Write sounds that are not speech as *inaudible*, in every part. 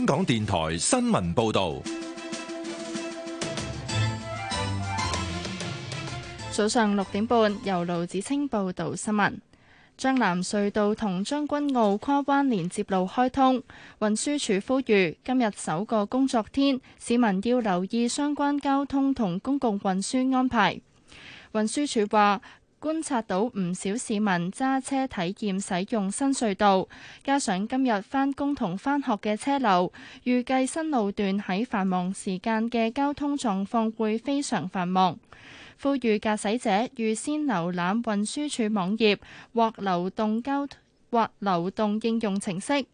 香港電台新聞報道，早上六點半，由盧子清報道新聞。張南隧道同將軍澳跨灣連接路開通，運輸署呼籲今日首個工作天，市民要留意相關交通同公共運輸安排。運輸署話。觀察到唔少市民揸車體驗使用新隧道，加上今日返工同返學嘅車流，預計新路段喺繁忙時間嘅交通狀況會非常繁忙。呼籲駕駛者預先瀏覽運輸署網頁，或流動交或流動應用程式，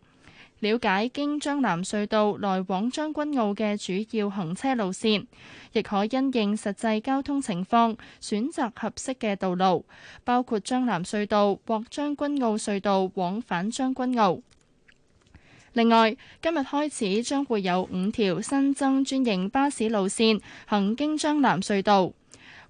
了解經將藍隧道來往將軍澳嘅主要行車路線，亦可因應實際交通情況選擇合適嘅道路，包括將藍隧道或將軍澳隧道往返將軍澳。另外，今日開始將會有五條新增專營巴士路線行經將藍隧道。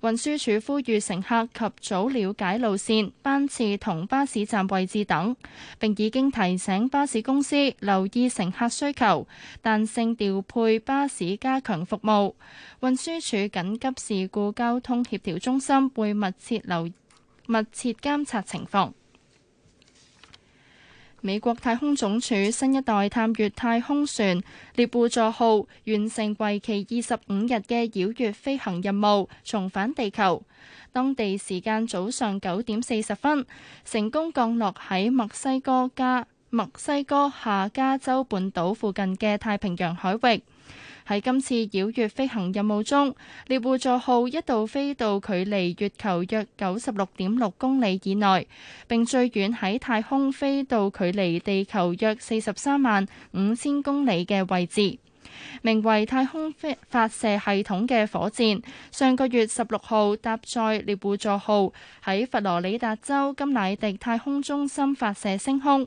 運輸署呼籲乘客及早了解路線、班次同巴士站位置等，並已經提醒巴士公司留意乘客需求，彈性調配巴士加強服務。運輸署緊急事故交通協調中心會密切留密切監察情況。美國太空總署新一代探月太空船獵戶座號完成為期二十五日嘅繞月飛行任務，重返地球。當地時間早上九點四十分，成功降落喺墨西哥加。墨西哥下加州半島附近嘅太平洋海域。喺今次繞月飛行任務中，獵戶座號一度飛到距離月球約九十六點六公里以內，並最遠喺太空飛到距離地球約四十三萬五千公里嘅位置。名為太空發射系統嘅火箭，上個月十六號搭載獵戶座號喺佛羅里達州金乃迪太空中心發射升空。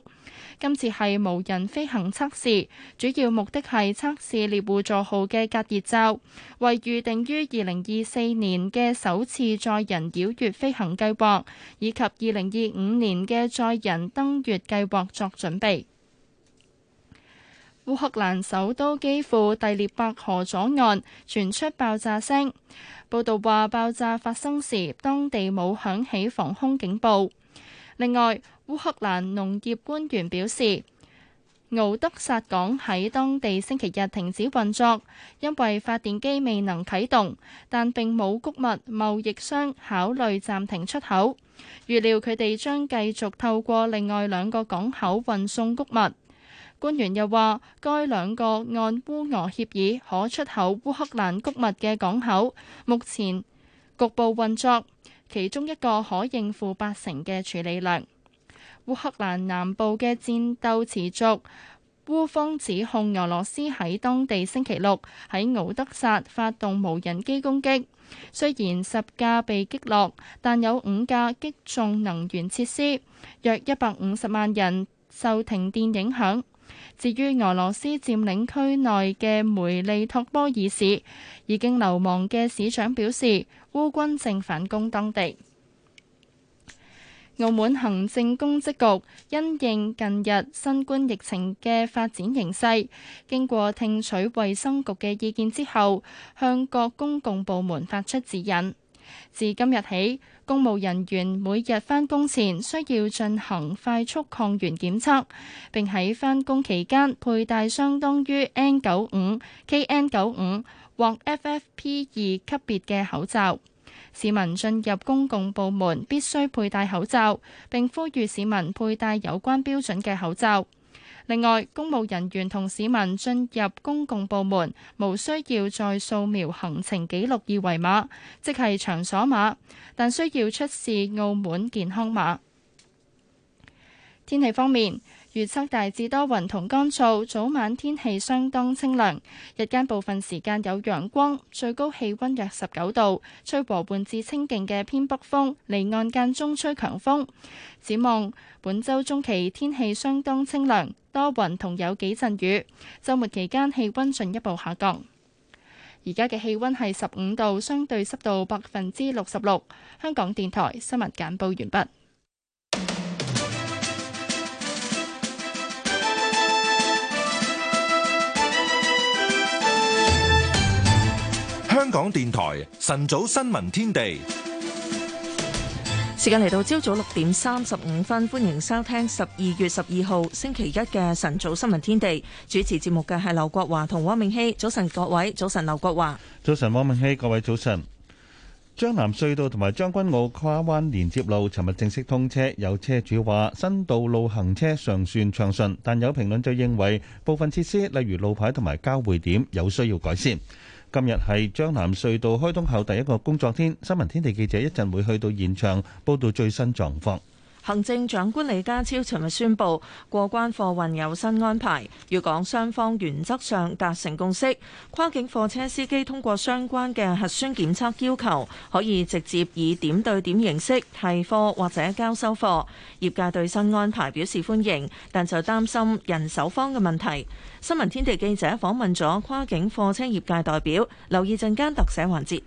今次係無人飛行測試，主要目的係測試獵戶座號嘅隔熱罩，為預定於二零二四年嘅首次載人繞月飛行計劃以及二零二五年嘅載人登月計劃作準備。烏克蘭首都基輔第聶伯河左岸傳出爆炸聲。報道話，爆炸發生時當地冇響起防空警報。另外，烏克蘭農業官員表示，敖德薩港喺當地星期日停止運作，因為發電機未能啟動，但並冇谷物貿易商考慮暫停出口。預料佢哋將繼續透過另外兩個港口運送谷物。官員又話，該兩個按烏俄協議可出口烏克蘭谷物嘅港口，目前局部運作，其中一個可應付八成嘅處理量。烏克蘭南部嘅戰鬥持續，烏方指控俄羅斯喺當地星期六喺敖德薩發動無人機攻擊，雖然十架被擊落，但有五架擊中能源設施，約一百五十萬人受停電影響。至於俄羅斯佔領區內嘅梅利托波爾市，已經流亡嘅市長表示，烏軍正反攻當地。澳門行政公職局因應近日新冠疫情嘅發展形勢，經過聽取衛生局嘅意見之後，向各公共部門發出指引。自今日起，公務人員每日返工前需要進行快速抗原檢測，並喺返工期間佩戴相當於 N 九五 KN 九五或 FFP 二級別嘅口罩。市民進入公共部門必須佩戴口罩，並呼籲市民佩戴有關標準嘅口罩。另外，公務人員同市民進入公共部門，無需要再掃描行程記錄二維碼，即係場所碼，但需要出示澳門健康碼。天氣方面。預測大致多雲同乾燥，早晚天氣相當清涼，日間部分時間有陽光，最高氣溫約十九度，吹和緩至清勁嘅偏北風，離岸間中吹強風。展望本周中期天氣相當清涼，多雲同有幾陣雨，周末期間氣溫進一步下降。而家嘅氣溫係十五度，相對濕度百分之六十六。香港電台新聞簡報完畢。香港電台晨早新聞天地，時間嚟到朝早六點三十五分，歡迎收聽十二月十二號星期一嘅晨早新聞天地。主持節目嘅係劉國華同汪明熙。早晨各位，早晨劉國華，早晨汪明熙，各位早晨。江南隧道同埋將軍澳跨灣連接路，尋日正式通車。有車主話新道路行車尚算暢順，但有評論就認為部分設施，例如路牌同埋交匯點，有需要改善。今日係江南隧道開通後第一個工作天，新聞天地記者一陣會去到現場報道最新狀況。行政長官李家超尋日宣布過關貨運有新安排，粵港雙方原則上達成共識，跨境貨車司機通過相關嘅核酸檢測要求，可以直接以點對點形式提貨或者交收貨。業界對新安排表示歡迎，但就擔心人手方嘅問題。新聞天地記者訪問咗跨境貨車業界代表，留意陣間特寫環節。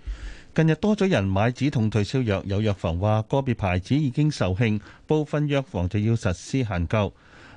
近日多咗人買止痛退燒藥，有藥房話個別牌子已經售罄，部分藥房就要實施限購，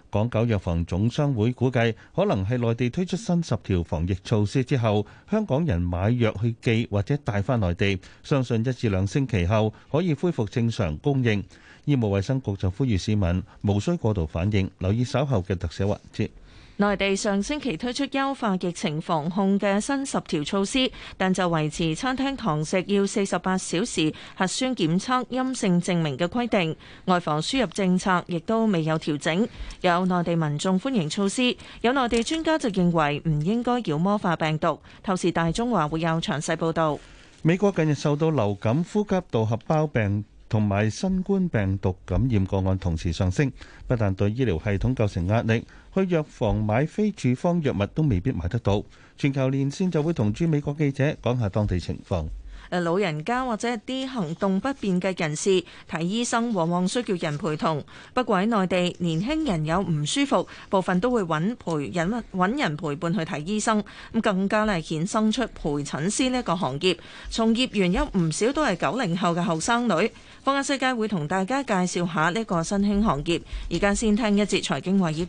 港九藥房總商會估計可能係內地推出新十條防疫措施之後，香港人買藥去寄或者帶翻內地，相信一至兩星期後可以恢復正常供應，醫務衛生局就呼籲市民無需過度反應，留意稍後嘅特寫環節。內地上星期推出優化疫情防控嘅新十條措施，但就維持餐廳堂食要四十八小時核酸檢測陰性證明嘅規定。外防輸入政策亦都未有調整。有內地民眾歡迎措施，有內地專家就認為唔應該妖魔化病毒。透視大中華會有詳細報導。美國近日受到流感、呼吸道合胞病同埋新冠病毒感染個案同時上升，不但對醫療系統構成壓力，去藥房買非處方藥物都未必買得到。全球連線就會同駐美國記者講下當地情況。老人家或者一啲行動不便嘅人士睇醫生，往往需要人陪同。不過喺內地，年輕人有唔舒服，部分都會揾陪引揾人陪伴去睇醫生。咁更加係，衍生出陪診師呢個行業，從業員有唔少都係九零後嘅後生女。《放眼世界》會同大家介紹下呢個新興行業。而家先聽一節《財經華爾街》。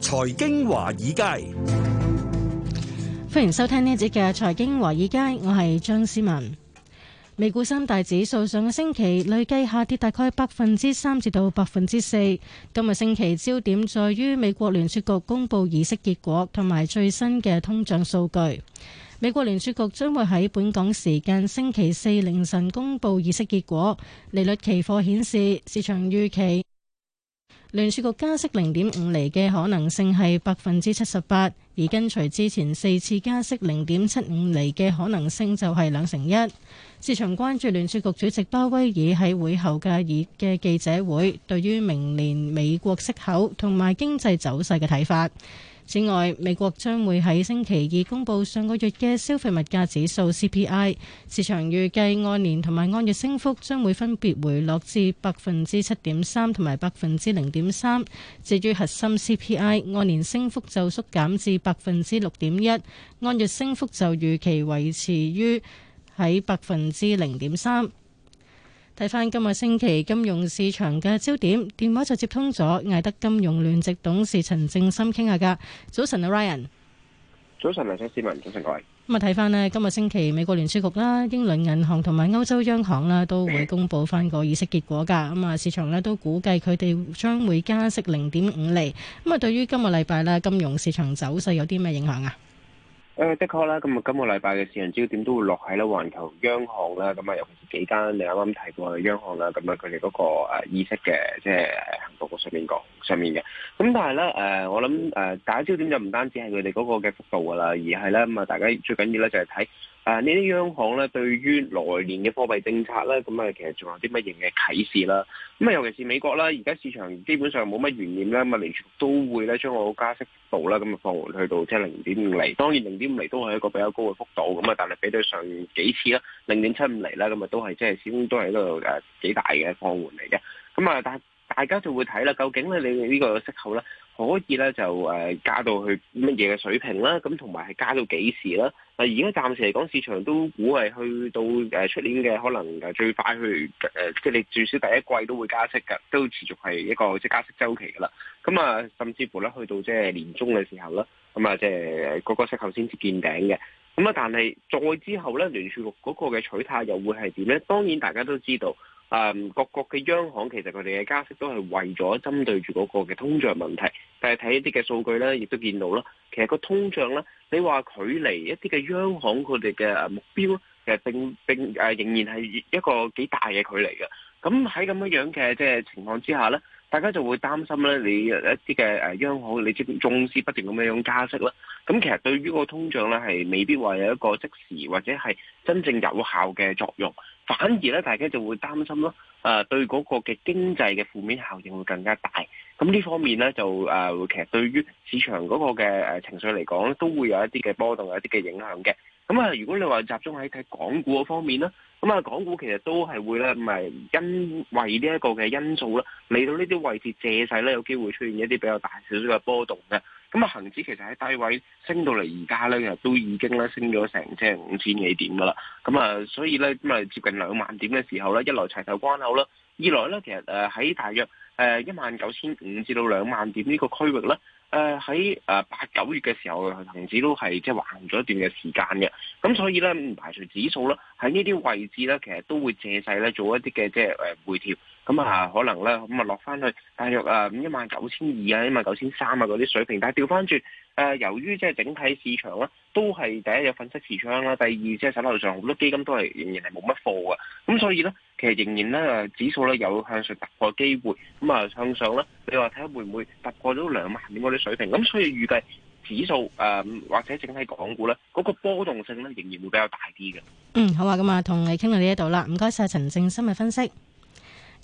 財經華爾街，歡迎收聽呢一節嘅《財經華爾街》，我係張思文。美股三大指數上個星期累計下跌大概百分之三至到百分之四。今日星期焦點在於美國聯儲局公布議息結果同埋最新嘅通脹數據。美國聯儲局將會喺本港時間星期四凌晨公布議息結果，利率期貨顯示市場預期聯儲局加息零點五厘嘅可能性係百分之七十八，而跟隨之前四次加息零點七五厘嘅可能性就係兩成一。市場關注聯儲局主席鮑威爾喺會後嘅耳嘅記者會，對於明年美國息口同埋經濟走勢嘅睇法。此外，美國將會喺星期二公佈上個月嘅消費物價指數 CPI，市場預計按年同埋按月升幅將會分別回落至百分之七點三同埋百分之零點三。至於核心 CPI，按年升幅就縮減至百分之六點一，按月升幅就預期維持於喺百分之零點三。睇翻今日星期金融市場嘅焦點，電話就接通咗。艾德金融聯席董事陳正深傾下噶。早晨啊，Ryan。早晨，梁生市民，早晨各位。咁啊，睇翻呢今日星期，美國聯儲局啦、英倫銀行同埋歐洲央行啦，都會公布翻個議息結果噶。咁啊，市場呢都估計佢哋將會加息零點五厘。咁啊，對於今日禮拜呢金融市場走勢有啲咩影響啊？誒、哎，的確啦，咁啊，今個禮拜嘅市場焦點都會落喺咧，環球央行啦，咁啊，尤其是幾間你啱啱提過嘅央行啦，咁啊，佢哋嗰個意識嘅，即係行動嘅上面講。上面嘅，咁但係咧，誒、呃，我諗誒，大家焦點就唔單止係佢哋嗰個嘅幅度噶啦，而係咧，咁啊，大家最緊要咧就係睇誒呢啲央行咧對於來年嘅貨幣政策咧，咁、嗯、啊，其實仲有啲乜嘢嘅啟示啦。咁、嗯、啊，尤其是美國啦，而家市場基本上冇乜懸念啦，咁、嗯、啊，連續都會咧將我加息幅度啦，咁、嗯、啊放緩去到即係零點五厘，當然零點五厘都係一個比較高嘅幅度，咁、嗯、啊，但係比對上幾次啦，零點七五厘啦，咁、嗯、啊，都係即係始終都係嗰個誒幾大嘅放緩嚟嘅，咁、嗯、啊，但。大家就會睇啦，究竟咧你呢個息口咧可以咧就誒加到去乜嘢嘅水平啦，咁同埋係加到幾時啦？嗱，而家暫時嚟講，市場都估係去到誒出年嘅可能誒最快去即係你最少第一季都會加息㗎，都持續係一個即係加息週期㗎啦。咁啊，甚至乎咧去到即係年中嘅時候啦，咁啊即係嗰個息口先至見頂嘅。咁啊，但係再之後咧，聯儲局嗰個嘅取態又會係點咧？當然大家都知道。誒，um, 各國嘅央行其實佢哋嘅加息都係為咗針對住嗰個嘅通脹問題，但係睇一啲嘅數據咧，亦都見到啦，其實個通脹咧，你話距離一啲嘅央行佢哋嘅目標，其實並並誒、啊、仍然係一個幾大嘅距離嘅。咁喺咁樣樣嘅即係情況之下咧，大家就會擔心咧，你一啲嘅誒央行你即係縱使不斷咁樣樣加息啦。咁其實對於個通脹咧係未必話有一個即時或者係真正有效嘅作用。反而咧，大家就會擔心咯，誒、呃、對嗰個嘅經濟嘅負面效應會更加大。咁呢方面咧，就、呃、誒其實對於市場嗰個嘅誒、呃、情緒嚟講咧，都會有一啲嘅波動，有一啲嘅影響嘅。咁啊，如果你話集中喺睇港股嗰方面啦，咁啊港股其實都係會咧，唔係因為呢一個嘅因素咧，嚟到呢啲位置借勢咧，有機會出現一啲比較大少少嘅波動嘅。咁啊，恒指其實喺低位升到嚟而家咧，其實都已經咧升咗成即係五千幾點噶啦。咁、嗯、啊，所以咧咁啊，接近兩萬點嘅時候咧，一來齊頭關口啦，二來咧其實誒喺大約誒一萬九千五至到兩萬點呢個區域咧，誒喺誒八九月嘅時候，恒指都係即係橫咗一段嘅時間嘅。咁所以咧唔排除指數啦，喺呢啲位置咧，其實都會借勢咧做一啲嘅即係誒回調。咁啊、嗯，可能咧，咁啊落翻去，大約啊，咁一萬九千二啊，一萬九千三啊，嗰啲水平。但係掉翻轉，誒，由於即係整體市場咧，都係第一有粉飾櫥窗啦，第二即係、就是、手頭上好多基金都係仍然係冇乜貨嘅。咁所以咧，其實仍然咧，誒，指數咧有向上突破嘅機會。咁啊，向上咧，你話睇下會唔會突破咗兩萬點嗰啲水平？咁所以預計指數誒、呃，或者整體港股咧，嗰、那個波動性咧，仍然會比較大啲嘅、嗯。嗯，好啊，咁啊，同你傾到呢一度啦，唔該晒，陳正深嘅分析。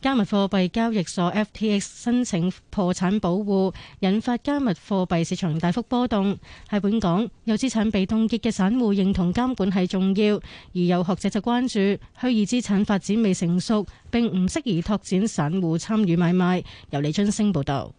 加密貨幣交易所 FTX 申請破產保護，引發加密貨幣市場大幅波動。喺本港，有資產被凍結嘅散戶認同監管係重要，而有學者就關注虛擬資產發展未成熟，並唔適宜拓展散戶參與買賣。由李津升報導。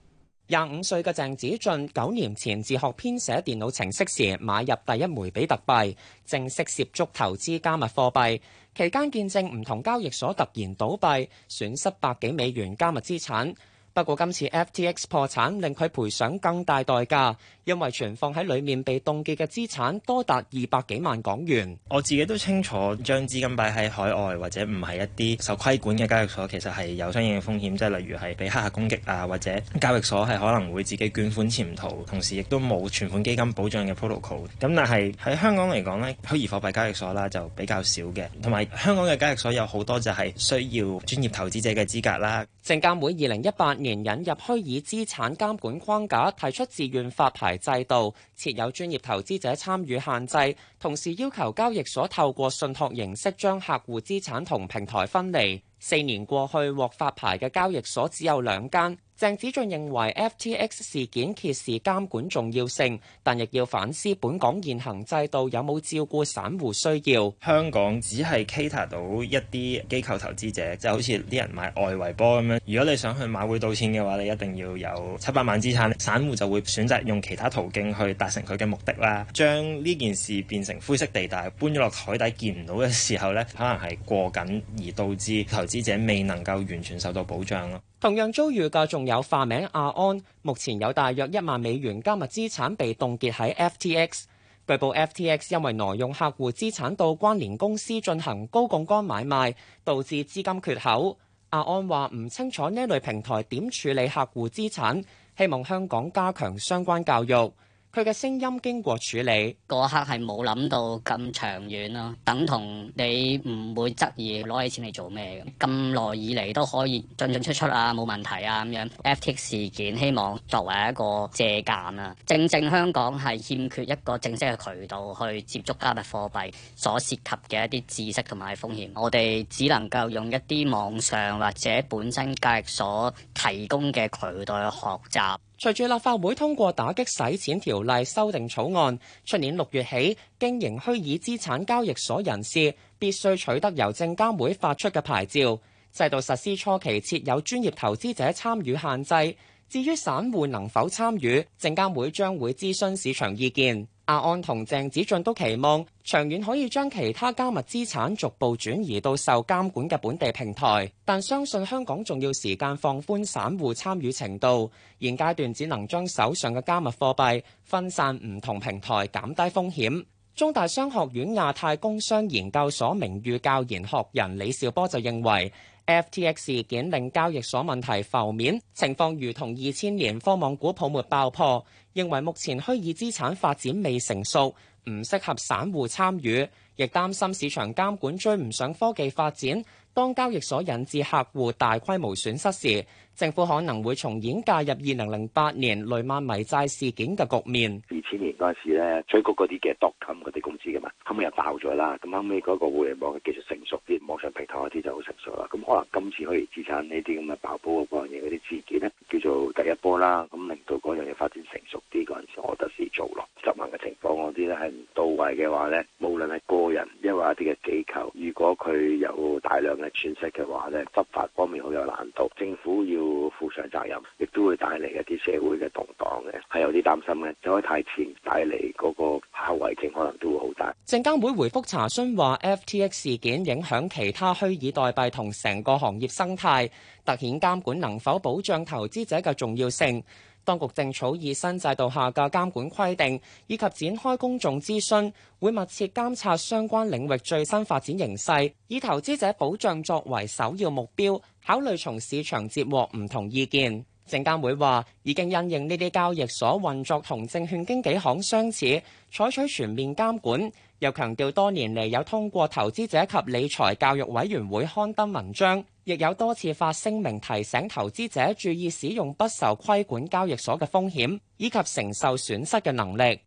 廿五歲嘅鄭子俊，九年前自學編寫電腦程式時，買入第一枚比特幣，正式涉足投資加密貨幣。期間見證唔同交易所突然倒閉，損失百幾美元加密資產。不過今次 FTX 破產令佢賠償更大代價，因為存放喺裡面被凍結嘅資產多達二百幾萬港元。我自己都清楚，將資金擺喺海外或者唔係一啲受規管嘅交易所，其實係有相應嘅風險，即係例如係畀黑客攻擊啊，或者交易所係可能會自己捲款潛逃，同時亦都冇存款基金保障嘅 protocol。咁但係喺香港嚟講咧，虛擬貨幣交易所啦就比較少嘅，同埋香港嘅交易所有好多就係需要專業投資者嘅資格啦。證監會二零一八年年引入虛擬資產監管框架，提出自願發牌制度，設有專業投資者參與限制，同時要求交易所透過信託形式將客戶資產同平台分離。四年過去，獲發牌嘅交易所只有兩間。鄭子俊認為，FTX 事件揭示監管重要性，但亦要反思本港現行制度有冇照顧散戶需要。香港只係 cater 到一啲機構投資者，即係好似啲人買外圍波咁樣。如果你想去馬會賭錢嘅話，你一定要有七百萬資產。散戶就會選擇用其他途徑去達成佢嘅目的啦。將呢件事變成灰色地帶，搬咗落海底見唔到嘅時候呢，可能係過緊而導致投資者未能夠完全受到保障咯。同樣遭遇嘅仲有化名阿安，目前有大約一萬美元加密資產被凍結喺 FTX。據報 FTX 因為挪用客戶資產到關聯公司進行高槓桿買賣，導致資金缺口。阿安話唔清楚呢類平台點處理客戶資產，希望香港加強相關教育。佢嘅聲音經過處理，嗰刻係冇諗到咁長遠咯啊。等同你唔會質疑攞起錢嚟做咩，咁耐以嚟都可以進進出出啊，冇問題啊咁樣。FTX 事件希望作為一個借鑑啊。正正香港係欠缺一個正式嘅渠道去接觸加密貨幣所涉及嘅一啲知識同埋風險，我哋只能夠用一啲網上或者本身交易所提供嘅渠道去學習。隨住立法會通過打擊洗錢條例修訂草案，出年六月起，經營虛擬資產交易所人士必須取得由證監會發出嘅牌照。制度實施初期設有專業投資者參與限制，至於散戶能否參與，證監會將會諮詢市場意見。阿安同鄭子俊都期望長遠可以將其他加密資產逐步轉移到受監管嘅本地平台，但相信香港仲要時間放寬散戶參與程度，現階段只能將手上嘅加密貨幣分散唔同平台，減低風險。中大商學院亞太工商研究所名譽教研學人李兆波就認為。FTX 事件令交易所問題浮面，情況如同二千年科網股泡沫爆破。認為目前虛擬資產發展未成熟，唔適合散戶參與，亦擔心市場監管追唔上科技發展。當交易所引致客戶大規模損失時，政府可能會重演介入二零零八年雷曼迷債事件嘅局面。二千年嗰陣時咧，催過嗰啲嘅多金嗰啲公司嘅嘛，後尾又爆咗啦。咁後尾嗰個互聯網嘅技術成熟啲，網上平台嗰啲就好成熟啦。咁可能今次可以資產呢啲咁嘅爆煲嗰樣嘢嗰啲事件咧，叫做第一波啦。咁令到嗰樣嘢發展成熟啲嗰陣時，我得時做落執行嘅情況嗰啲咧係唔到位嘅話咧，無論係個人抑或一啲嘅機構，如果佢有大量嘅損失嘅話咧，執法方面好有難度。政府要會負上責任，亦都會帶嚟一啲社會嘅動盪嘅，係有啲擔心嘅。走得太前，帶嚟嗰個後遺症可能都會好大。證監會回覆查詢話，FTX 事件影響其他虛擬代幣同成個行業生態，凸顯監管能否保障投資者嘅重要性。當局正草擬新制度下嘅監管規定，以及展開公眾諮詢，會密切監察相關領域最新發展形勢，以投資者保障作為首要目標，考慮從市場接獲唔同意見。證監會話已經因應呢啲交易所運作同證券經紀行相似，採取全面監管，又強調多年嚟有通過投資者及理財教育委員會刊登文章，亦有多次發聲明提醒投資者注意使用不受規管交易所嘅風險以及承受損失嘅能力。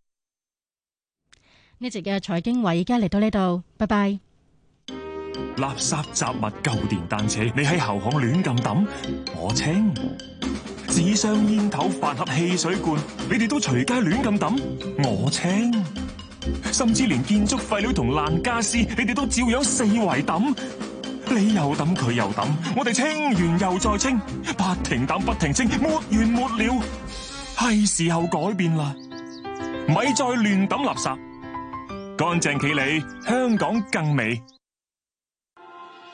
呢節嘅財經話，而家嚟到呢度，拜拜。垃圾雜物舊電單車，你喺後巷亂咁抌，我清。紙箱、煙頭、飯盒、汽水罐，你哋都隨街亂咁抌，我清；甚至連建築廢料同爛家私，你哋都照樣四圍抌。你又抌，佢又抌，我哋清完又再清，不停抌不停清，沒完沒了。係時候改變啦，咪再亂抌垃圾，乾淨企理，香港更美。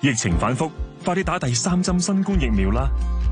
疫情反覆，快啲打第三針新冠疫苗啦！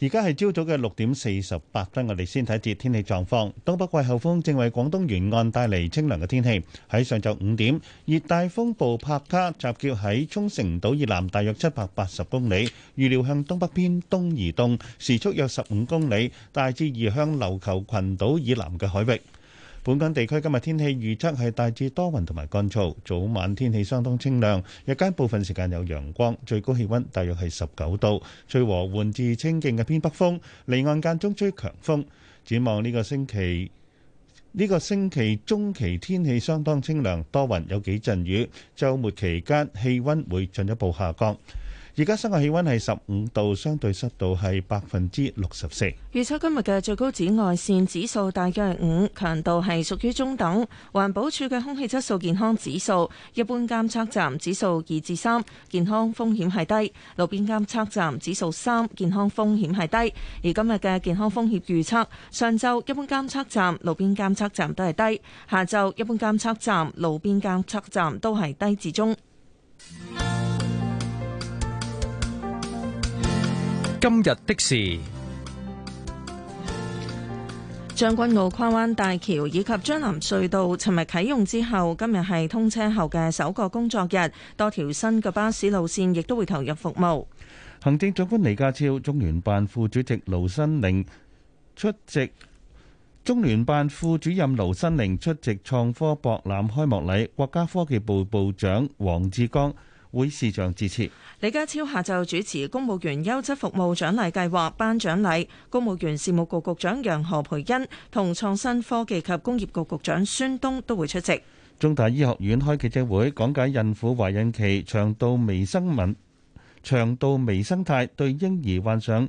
而家係朝早嘅六點四十八分，我哋先睇一節天氣狀況。東北季候風正為廣東沿岸帶嚟清涼嘅天氣。喺上晝五點，熱帶風暴帕卡集結喺沖繩島以南大約七百八十公里，預料向東北偏東移動，時速約十五公里，大致移向琉球群島以南嘅海域。本港地區今日天氣預測係大致多雲同埋乾燥，早晚天氣相當清涼，日間部分時間有陽光，最高氣温大約係十九度，吹和緩至清勁嘅偏北風，離岸間中吹強風。展望呢個星期，呢個星期中期天氣相當清涼，多雲有幾陣雨，週末期間氣温會進一步下降。而家室外氣温係十五度，相對濕度係百分之六十四。預測今日嘅最高紫外線指數大約係五，強度係屬於中等。環保署嘅空氣質素健康指數，一般監測站指數二至三，健康風險係低；路邊監測站指數三，健康風險係低。而今日嘅健康風險預測，上晝一般監測站、路邊監測站都係低；下晝一般監測站、路邊監測站都係低至中。今日的事，將軍澳跨灣大橋以及將藍隧道，尋日啟用之後，今日係通車後嘅首個工作日，多條新嘅巴士路線亦都會投入服務。行政長官李家超、中聯辦副主席盧新寧出席，中聯辦副主任盧新寧出席創科博覽開幕禮，國家科技部部長王志剛會視像致辭。李家超下晝主持公務員優質服務獎勵計劃頒獎禮，公務員事務局局長楊何蓓茵同創新科技及工業局局長孫東都會出席。中大醫學院開記者會講解孕婦懷孕期腸道微生敏、腸道微生態對嬰兒患上。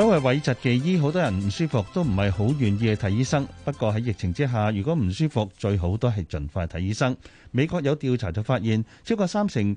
所謂諱疾忌醫，好多人唔舒服都唔係好願意去睇醫生。不過喺疫情之下，如果唔舒服，最好都係盡快睇醫生。美國有調查就發現，超過三成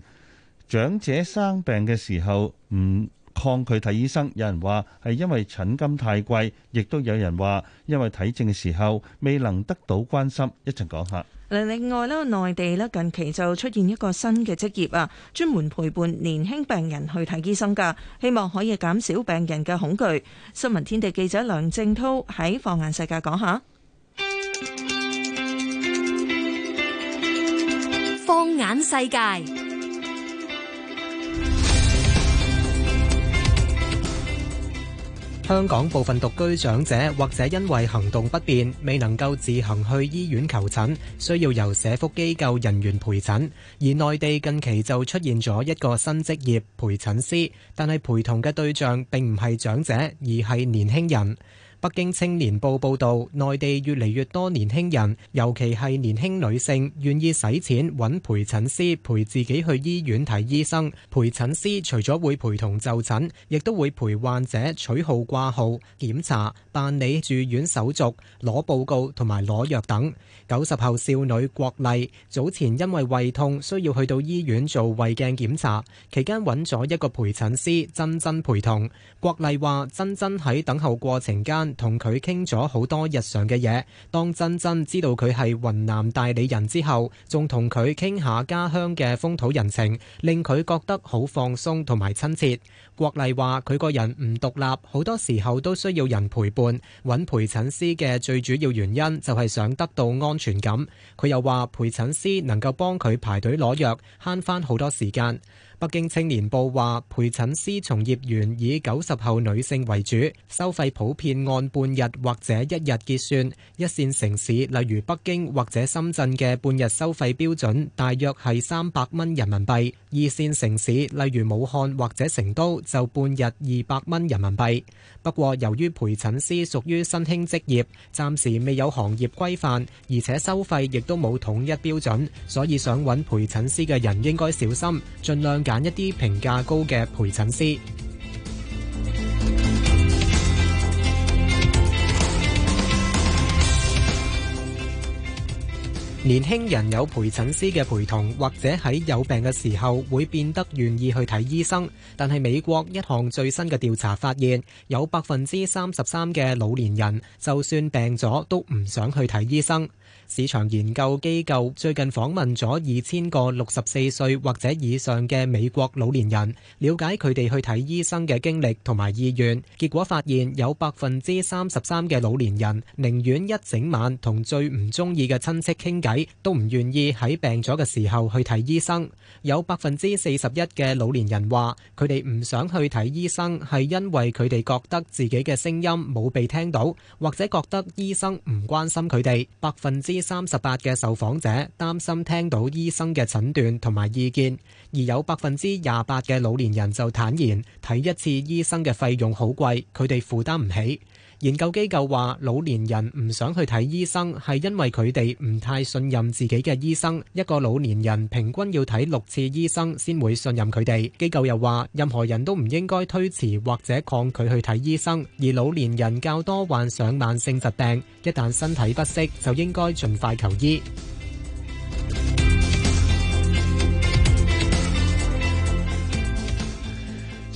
長者生病嘅時候唔抗拒睇醫生。有人話係因為診金太貴，亦都有人話因為睇症嘅時候未能得到關心。一陣講下。另外咧，內地咧近期就出現一個新嘅職業啊，專門陪伴年輕病人去睇醫生㗎，希望可以減少病人嘅恐懼。新聞天地記者梁正滔喺放眼世界講下。放眼世界。香港部分獨居長者或者因為行動不便，未能夠自行去醫院求診，需要由社福機構人員陪診，而內地近期就出現咗一個新職業——陪診師，但係陪同嘅對象並唔係長者，而係年輕人。北京青年報報道，內地越嚟越多年輕人，尤其係年輕女性，願意使錢揾陪診師陪自己去醫院睇醫生。陪診師除咗會陪同就診，亦都會陪患者取號掛號檢查、辦理住院手續攞報告同埋攞藥等。九十後少女郭麗早前因為胃痛需要去到醫院做胃鏡檢查，期間揾咗一個陪診師珍珍陪同。郭麗話珍珍喺等候過程間。同佢傾咗好多日常嘅嘢，當珍珍知道佢係雲南大理人之後，仲同佢傾下家鄉嘅風土人情，令佢覺得好放鬆同埋親切。郭麗話佢個人唔獨立，好多時候都需要人陪伴。揾陪診師嘅最主要原因就係想得到安全感。佢又話陪診師能夠幫佢排隊攞藥，慳翻好多時間。北京青年報話，陪診師從業員以九十後女性為主，收費普遍按半日或者一日結算。一線城市例如北京或者深圳嘅半日收費標準大約係三百蚊人民幣。二線城市例如武漢或者成都。就半日二百蚊人民幣。不過，由於陪診師屬於新興職業，暫時未有行業規範，而且收費亦都冇統一標準，所以想揾陪診師嘅人應該小心，盡量揀一啲評價高嘅陪診師。年輕人有陪診師嘅陪同，或者喺有病嘅時候會變得願意去睇醫生。但係美國一項最新嘅調查發現，有百分之三十三嘅老年人就算病咗都唔想去睇醫生。市場研究機構最近訪問咗二千個六十四歲或者以上嘅美國老年人，了解佢哋去睇醫生嘅經歷同埋意願。結果發現有百分之三十三嘅老年人寧願一整晚同最唔中意嘅親戚傾偈，都唔願意喺病咗嘅時候去睇醫生有。有百分之四十一嘅老年人話，佢哋唔想去睇醫生係因為佢哋覺得自己嘅聲音冇被聽到，或者覺得醫生唔關心佢哋。百分之三十八嘅受訪者擔心聽到醫生嘅診斷同埋意見，而有百分之廿八嘅老年人就坦言，睇一次醫生嘅費用好貴，佢哋負擔唔起。研究機構話：老年人唔想去睇醫生係因為佢哋唔太信任自己嘅醫生。一個老年人平均要睇六次醫生先會信任佢哋。機構又話：任何人都唔應該推遲或者抗拒去睇醫生，而老年人較多患上慢性疾病，一旦身體不適，就應該盡快求醫。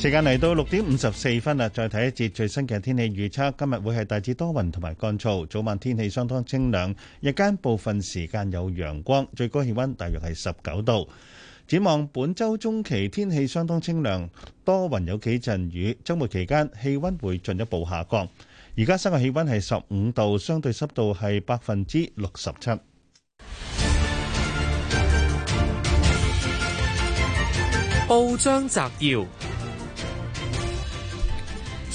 時間嚟到六點五十四分啦，再睇一節最新嘅天氣預測。今日會係大致多雲同埋乾燥，早晚天氣相當清涼，日間部分時間有陽光，最高氣温大約係十九度。展望本周中期天氣相當清涼，多雲有幾陣雨。周末期間氣温會進一步下降。而家室外氣温係十五度，相對濕度係百分之六十七。報章摘要。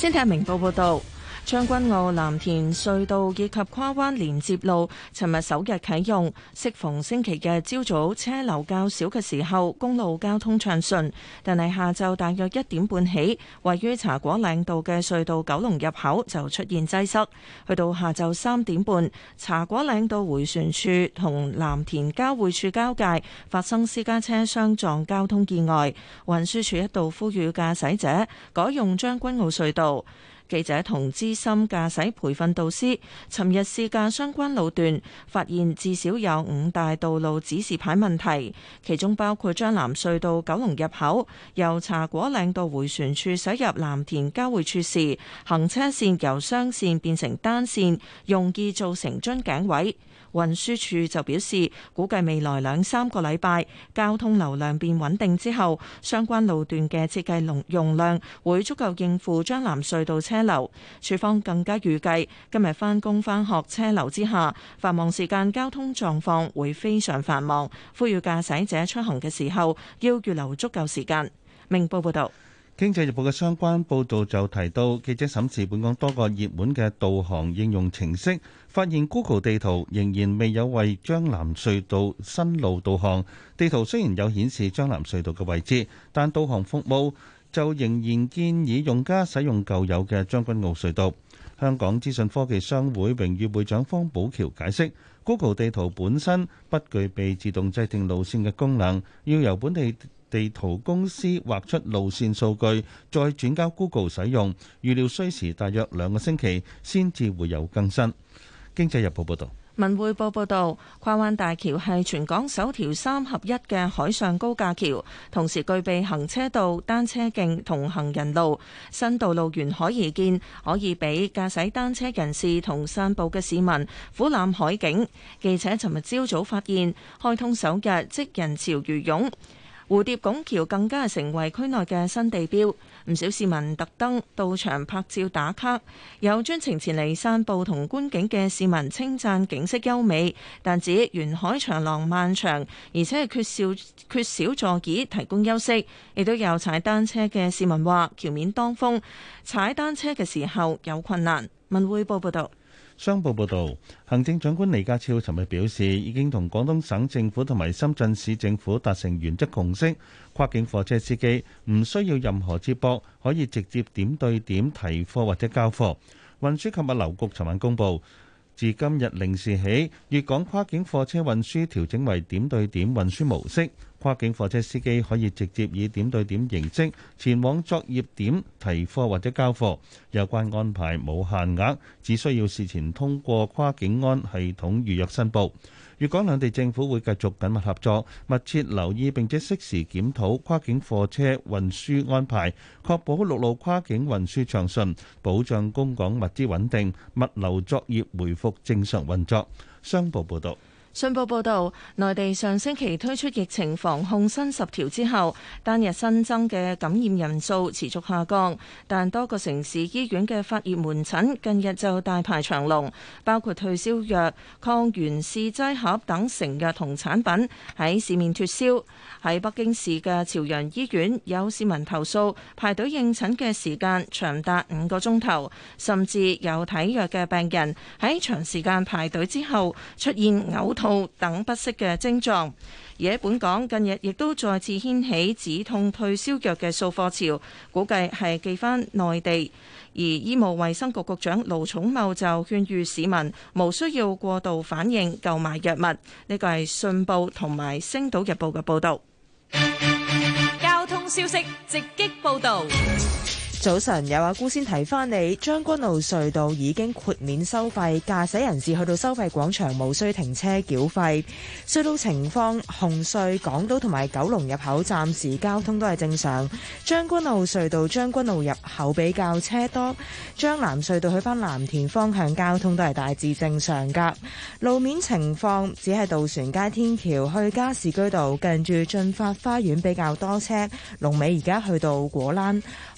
先睇下《明報》報道。將軍澳藍田隧道以及跨灣連接路，尋日首日啟用，適逢星期日嘅朝早，早車流較少嘅時候，公路交通暢順。但係下晝大約一點半起，位於茶果嶺道嘅隧道九龍入口就出現擠塞，去到下晝三點半，茶果嶺道回旋處同藍田交匯處交界發生私家車相撞交通意外，運輸署一度呼籲駕駛者改用將軍澳隧道。記者同資深駕駛培訓導師尋日試駕相關路段，發現至少有五大道路指示牌問題，其中包括將南隧道九龍入口由茶果嶺道回旋處駛入藍田交匯處時，行車線由雙線變成單線，容易造成樽頸位。運輸署就表示，估計未來兩三個禮拜交通流量變穩定之後，相關路段嘅設計容容量會足夠應付將南隧道車流。署方更加預計今日返工返學車流之下，繁忙時間交通狀況會非常繁忙，呼籲駕駛者出行嘅時候要預留足夠時間。明報報道，《經濟日報》嘅相關報導就提到，記者審視本港多個熱門嘅導航應用程式。發現 Google 地圖仍然未有為將藍隧道新路導航。地圖雖然有顯示將藍隧道嘅位置，但導航服務就仍然建議用家使用舊有嘅將軍澳隧道。香港資訊科技商會榮譽會長方保僑解釋：Google 地圖本身不具備自動制定路線嘅功能，要由本地地圖公司畫出路線數據，再轉交 Google 使用。預料需時大約兩個星期先至會有更新。《經濟日報》報道，《文匯報》報道，跨灣大橋係全港首條三合一嘅海上高架橋，同時具備行車道、單車徑同行人路。新道路沿海而建，可以俾駕駛單車人士同散步嘅市民俯瞰海景。記者尋日朝早發現，開通首日即人潮如湧，蝴蝶拱橋更加成為區內嘅新地標。唔少市民特登到場拍照打卡，有專程前嚟散步同觀景嘅市民稱讚景色優美，但指沿海長廊漫長，而且係缺少缺少座椅提供休息。亦都有踩單車嘅市民話橋面當風，踩單車嘅時候有困難。文匯報報道。商報報導，行政長官李家超尋日表示，已經同廣東省政府同埋深圳市政府達成原則共識，跨境貨車司機唔需要任何接駁，可以直接點對點提貨或者交貨。運輸及物流局尋晚公佈，自今日零時起，粵港跨境貨車運輸調整為點對點運輸模式。跨境貨車司機可以直接以點對點形式前往作業點提貨或者交貨，有關安排無限額，只需要事前通過跨境安系統預約申報。粵港兩地政府會繼續緊密合作，密切留意並且適時檢討跨境貨車運輸安排，確保陸路跨境運輸暢順，保障公港物資穩定，物流作業回復正常運作。商報報導。信報報導，內地上星期推出疫情防控新十條之後，單日新增嘅感染人數持續下降，但多個城市醫院嘅發熱門診近日就大排長龍，包括退燒藥、抗原試劑盒等成藥同產品喺市面脫銷。喺北京市嘅朝陽醫院，有市民投訴排隊應診嘅時間長達五個鐘頭，甚至有體弱嘅病人喺長時間排隊之後出現嘔吐等不適嘅症狀，而喺本港近日亦都再次掀起止痛退燒藥嘅掃貨潮，估計係寄翻內地。而醫務衛生局局長盧寵茂就勸喻市民無需要過度反應購買藥物。呢個係信報同埋星島日報嘅報導。交通消息直擊報導。早晨，有阿姑先提翻你，將軍澳隧道已經豁免收費，駕駛人士去到收費廣場無需停車繳費。隧道情況，紅隧、港島同埋九龍入口暫時交通都係正常。將軍澳隧道、將軍澳入口比較車多，將南隧道去翻藍田方向交通都係大致正常噶。路面情況只係渡船街天橋去加士居道近住駿發花園比較多車，龍尾而家去到果欄。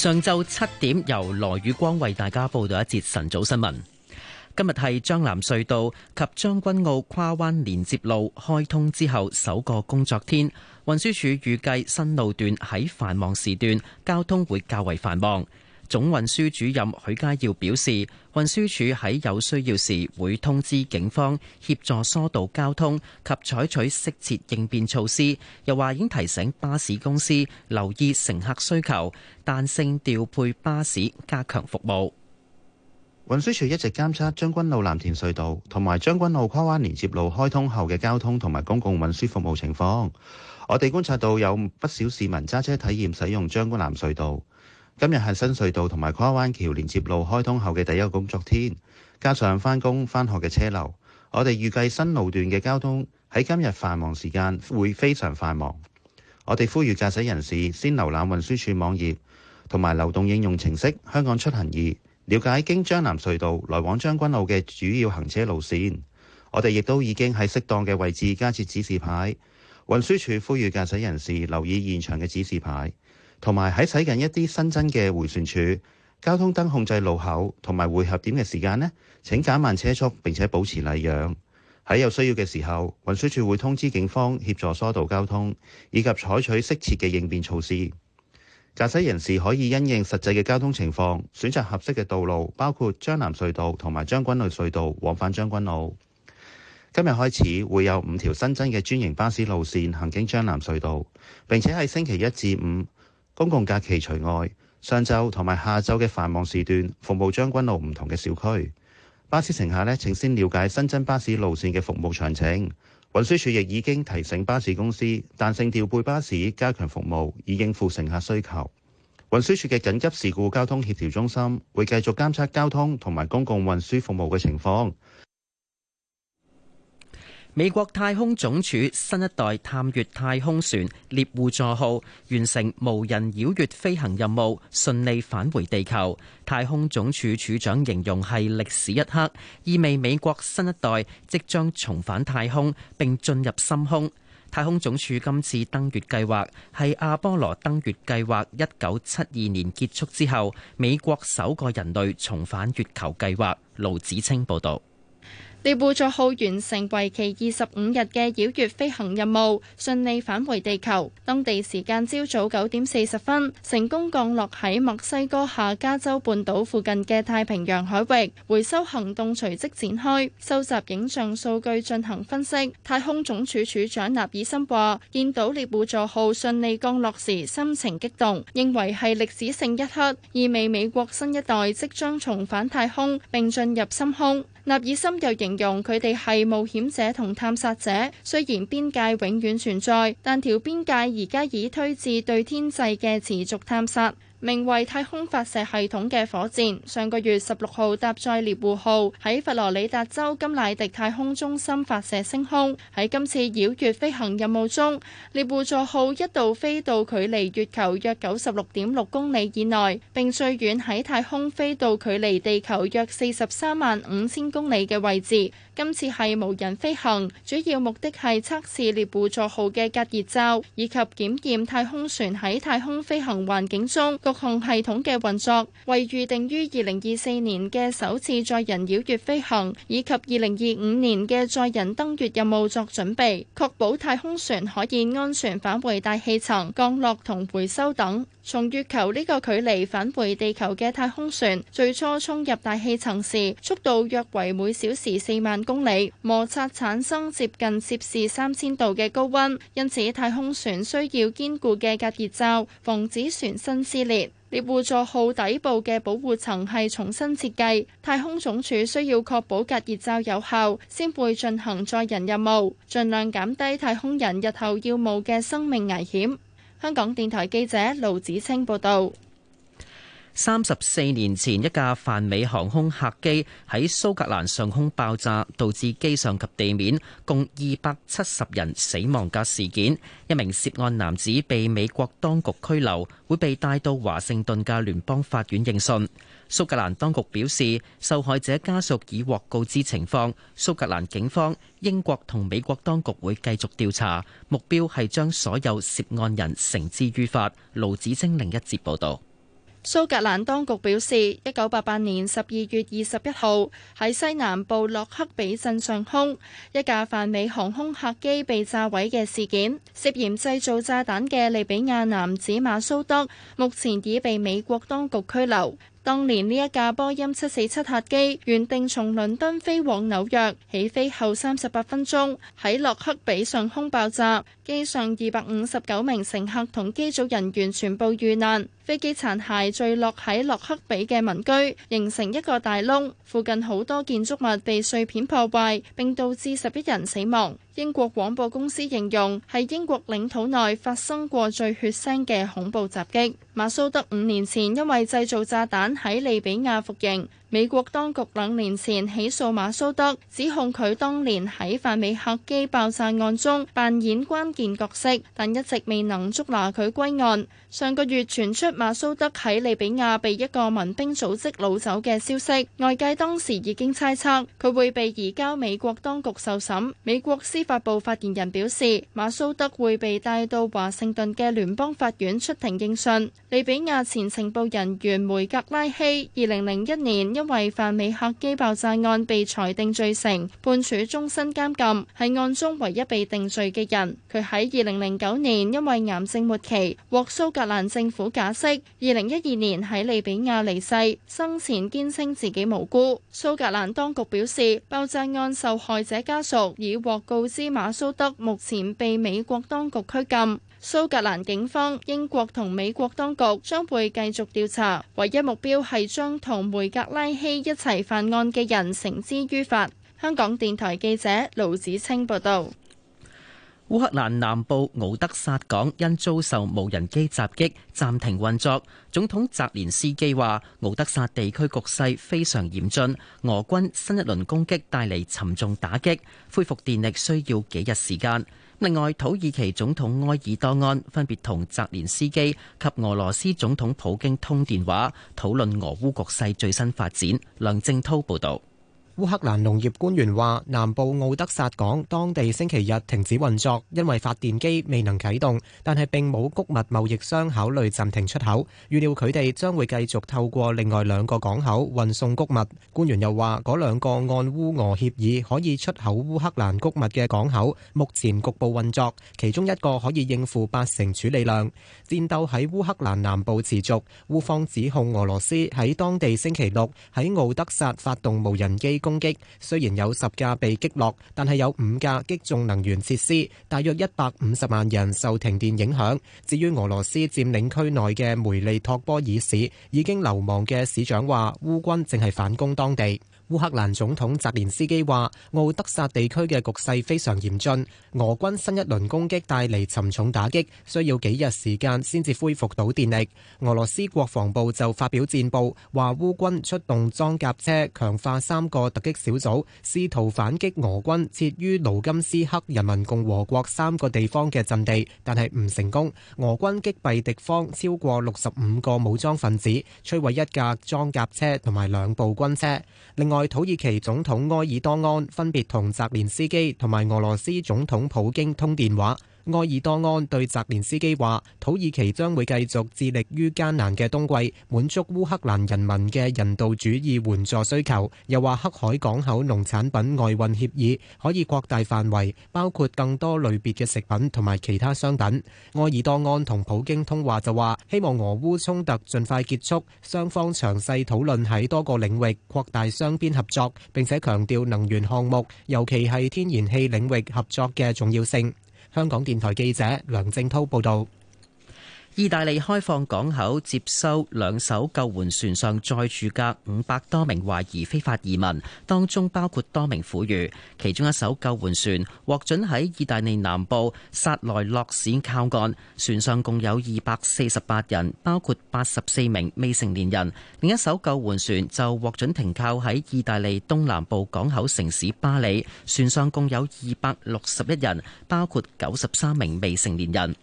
上晝七點，由羅宇光為大家報道一節晨早新聞。今日係將藍隧道及將軍澳跨灣連接路開通之後首個工作天，運輸署預計新路段喺繁忙時段交通會較為繁忙。總運輸主任許家耀表示，運輸署喺有需要時會通知警方協助疏導交通及採取適切應變措施。又話已經提醒巴士公司留意乘客需求，彈性調配巴士加強服務。運輸署一直監測將軍澳藍田隧道同埋將軍澳跨灣連接路開通後嘅交通同埋公共運輸服務情況。我哋觀察到有不少市民揸車體驗使用將軍南隧道。今日係新隧道同埋跨灣橋連接路開通後嘅第一個工作天，加上返工返學嘅車流，我哋預計新路段嘅交通喺今日繁忙時間會非常繁忙。我哋呼籲駕駛人士先瀏覽運輸署網頁同埋流動應用程式《香港出行易》，了解經將藍隧道來往將軍澳嘅主要行車路線。我哋亦都已經喺適當嘅位置加設指示牌。運輸署呼籲駕駛人士留意現場嘅指示牌。同埋喺駛近一啲新增嘅回旋處、交通燈控制路口同埋匯合點嘅時間呢，請減慢車速，並且保持禮讓。喺有需要嘅時候，運輸署會通知警方協助疏導交通，以及採取適切嘅應變措施。駕駛人士可以因應實際嘅交通情況，選擇合適嘅道路，包括將南隧道同埋將軍澳隧道，隧道往返將軍澳。今日開始會有五條新增嘅專營巴士路線行經將南隧道，並且喺星期一至五。公共假期除外，上晝同埋下晝嘅繁忙時段，服務將軍澳唔同嘅小區。巴士乘客咧，請先了解新增巴士路線嘅服務詳情。運輸署亦已經提醒巴士公司，彈性調配巴士，加強服務以應付乘客需求。運輸署嘅緊急事故交通協調中心會繼續監察交通同埋公共運輸服務嘅情況。美國太空總署新一代探月太空船獵戶座號完成無人繞月飛行任務，順利返回地球。太空總署署長形容係歷史一刻，意味美國新一代即將重返太空，並進入深空。太空總署今次登月計劃係阿波羅登月計劃一九七二年結束之後，美國首個人類重返月球計劃。盧子清報道。獵戶座號完成為期二十五日嘅繞月飛行任務，順利返回地球。當地時間朝早九點四十分，成功降落喺墨西哥下加州半島附近嘅太平洋海域，回收行動隨即展開，收集影像數據進行分析。太空總署署長納爾森話：見到獵戶座號順利降落時，心情激動，認為係歷史性一刻，意味美，美國新一代即將重返太空，並進入深空。納爾森又形容佢哋係冒險者同探索者，雖然邊界永遠存在，但條邊界而家已推至對天際嘅持續探索。名為太空發射系統嘅火箭，上個月十六號搭載獵戶號，喺佛羅里達州金乃迪太空中心發射升空。喺今次繞月飛行任務中，獵戶座號一度飛到距離月球約九十六點六公里以內，並最遠喺太空飛到距離地球約四十三萬五千公里嘅位置。今次係無人飛行，主要目的係測試獵戶座號嘅隔熱罩，以及檢驗太空船喺太空飛行環境中，陸控系統嘅運作，為預定於二零二四年嘅首次載人繞月飛行，以及二零二五年嘅載人登月任務作準備，確保太空船可以安全返回大氣層、降落同回收等。從月球呢個距離返回地球嘅太空船，最初衝入大氣層時，速度約為每小時四萬公里，摩擦產生接近攝氏三千度嘅高溫，因此太空船需要堅固嘅隔熱罩，防止船身撕裂。獵戶座號底部嘅保護層係重新設計。太空總署需要確保隔熱罩有效，先會進行載人任務，盡量減低太空人日後要冒嘅生命危險。香港電台記者盧子清報導。三十四年前，一架泛美航空客機喺蘇格蘭上空爆炸，導致機上及地面共二百七十人死亡嘅事件。一名涉案男子被美國當局拘留，會被帶到華盛頓嘅聯邦法院應訊。蘇格蘭當局表示，受害者家屬已獲告知情況，蘇格蘭警方、英國同美國當局會繼續調查，目標係將所有涉案人繩之於法。盧子晶另一節報道。蘇格蘭當局表示，一九八八年十二月二十一號喺西南部洛克比鎮上空一架泛美航空客機被炸毀嘅事件，涉嫌製造炸彈嘅利比亞男子馬蘇德目前已被美國當局拘留。當年呢一架波音七四七客機原定從倫敦飛往紐約，起飛後三十八分鐘喺洛克比上空爆炸，機上二百五十九名乘客同機組人員全部遇難。飛機殘骸墜落喺洛克比嘅民居，形成一個大窿，附近好多建築物被碎片破壞，並導致十一人死亡。英國廣播公司形容係英國領土內發生過最血腥嘅恐怖襲擊。馬蘇德五年前因為製造炸彈喺利比亞服刑。美國當局兩年前起訴馬蘇德，指控佢當年喺泛美客機爆炸案中扮演關鍵角色，但一直未能捉拿佢歸案。上個月傳出馬蘇德喺利比亞被一個民兵組織擄走嘅消息，外界當時已經猜測佢會被移交美國當局受審。美國司法部發言人表示，馬蘇德會被帶到華盛頓嘅聯邦法院出庭應訊。利比亞前情報人員梅格拉希，二零零一年因為泛美客機爆炸案被裁定罪成，判處終身監禁，係案中唯一被定罪嘅人。佢喺二零零九年因為癌症末期獲蘇格蘭政府假釋，二零一二年喺利比亞離世，生前堅稱自己無辜。蘇格蘭當局表示，爆炸案受害者家屬已獲告知，馬蘇德目前被美國當局拘禁。蘇格蘭警方、英國同美國當局將會繼續調查，唯一目標係將同梅格拉希一齊犯案嘅人繩之於法。香港電台記者盧子清報道。烏克蘭南部敖德薩港因遭受無人機襲擊暫停運作，總統澤連斯基話：敖德薩地區局勢非常嚴峻，俄軍新一輪攻擊帶嚟沉重打擊，恢復電力需要幾日時間。另外，土耳其總統埃爾多安分別同澤連斯基及俄羅斯總統普京通電話，討論俄烏局勢最新發展。梁正濤報道。烏克蘭農業官員話，南部奧德薩港當地星期日停止運作，因為發電機未能啟動，但係並冇穀物貿易商考慮暫停出口，預料佢哋將會繼續透過另外兩個港口運送穀物。官員又話，嗰兩個按烏俄協議可以出口烏克蘭穀物嘅港口，目前局部運作，其中一個可以應付八成處理量。戰鬥喺烏克蘭南部持續，烏方指控俄羅斯喺當地星期六喺奧德薩發動無人機。攻擊雖然有十架被擊落，但係有五架擊中能源設施，大約一百五十萬人受停電影響。至於俄羅斯佔領區內嘅梅利托波爾市，已經流亡嘅市長話，烏軍正係反攻當地。烏克蘭總統澤連斯基話：奧德薩地區嘅局勢非常嚴峻，俄軍新一輪攻擊帶嚟沉重打擊，需要幾日時間先至恢復到電力。俄羅斯國防部就發表戰報，話烏軍出動裝甲車，強化三個突擊小組，試圖反擊俄軍設於盧甘斯克人民共和國三個地方嘅陣地，但係唔成功。俄軍擊斃敵方超過六十五個武裝分子，摧毀一架裝甲車同埋兩部軍車。另外，外土耳其總統埃爾多安分別同澤連斯基同埋俄羅斯總統普京通電話。埃爾多安對澤連斯基話，土耳其將會繼續致力於艱難嘅冬季，滿足烏克蘭人民嘅人道主義援助需求。又話黑海港口農產品外運協議可以擴大範圍，包括更多類別嘅食品同埋其他商品。埃爾多安同普京通話就話，希望俄烏衝突盡快結束，雙方詳細討論喺多個領域擴大雙邊合作，並且強調能源項目，尤其係天然氣領域合作嘅重要性。香港電台記者梁正濤報道。意大利開放港口接收兩艘救援船上載住嘅五百多名懷疑非法移民，當中包括多名婦孺。其中一艘救援船獲准喺意大利南部撒萊諾市靠岸，船上共有二百四十八人，包括八十四名未成年人。另一艘救援船就獲准停靠喺意大利東南部港口城市巴里，船上共有二百六十一人，包括九十三名未成年人。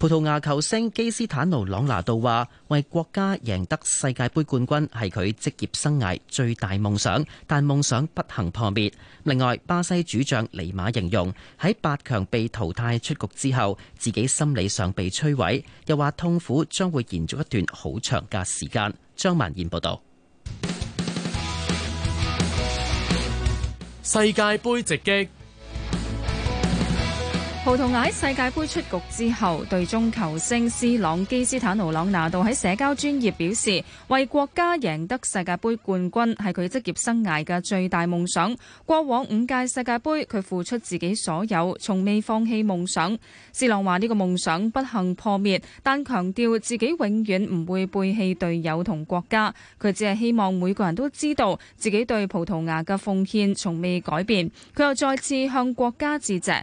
葡萄牙球星基斯坦奴·朗拿度話：為國家贏得世界盃冠軍係佢職業生涯最大夢想，但夢想不幸破滅。另外，巴西主將尼馬形容喺八強被淘汰出局之後，自己心理上被摧毀，又話痛苦將會延續一段好長嘅時間。張曼燕報道。世界盃直擊。葡萄牙世界盃出局之後，隊中球星斯朗基斯坦奴朗拿度喺社交專頁表示，為國家贏得世界盃冠軍係佢職業生涯嘅最大夢想。過往五屆世界盃，佢付出自己所有，從未放棄夢想。斯朗話呢個夢想不幸破滅，但強調自己永遠唔會背棄隊友同國家。佢只係希望每個人都知道自己對葡萄牙嘅奉獻從未改變。佢又再次向國家致謝。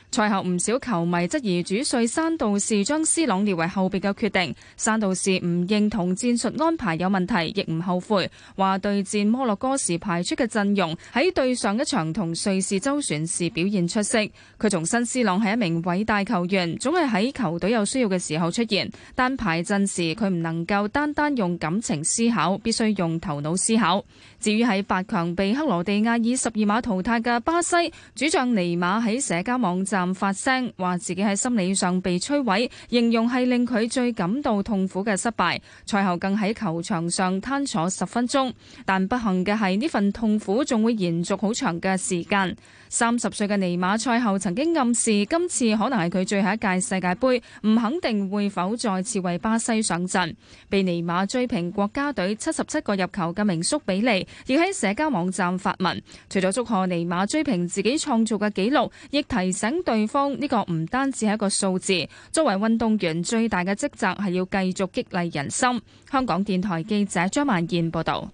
賽後唔少球迷質疑主帥山道士將斯朗列為後備嘅決定。山道士唔認同戰術安排有問題，亦唔後悔，話對戰摩洛哥時排出嘅陣容喺對上一場同瑞士周旋時表現出色。佢重申斯朗係一名偉大球員，總係喺球隊有需要嘅時候出現。但排陣時佢唔能夠單單用感情思考，必須用頭腦思考。至於喺八強被克羅地亞以十二碼淘汰嘅巴西主將尼馬喺社交網站發聲，話自己喺心理上被摧毀，形容係令佢最感到痛苦嘅失敗。賽後更喺球場上攤坐十分鐘，但不幸嘅係呢份痛苦仲會延續好長嘅時間。三十歲嘅尼馬賽後曾經暗示今次可能係佢最後一屆世界盃，唔肯定會否再次為巴西上陣。被尼馬追平國家隊七十七個入球嘅名宿比利，亦喺社交網站發文，除咗祝賀尼馬追平自己創造嘅紀錄，亦提醒對方呢個唔單止係一個數字，作為運動員最大嘅職責係要繼續激勵人心。香港電台記者張萬燕報導。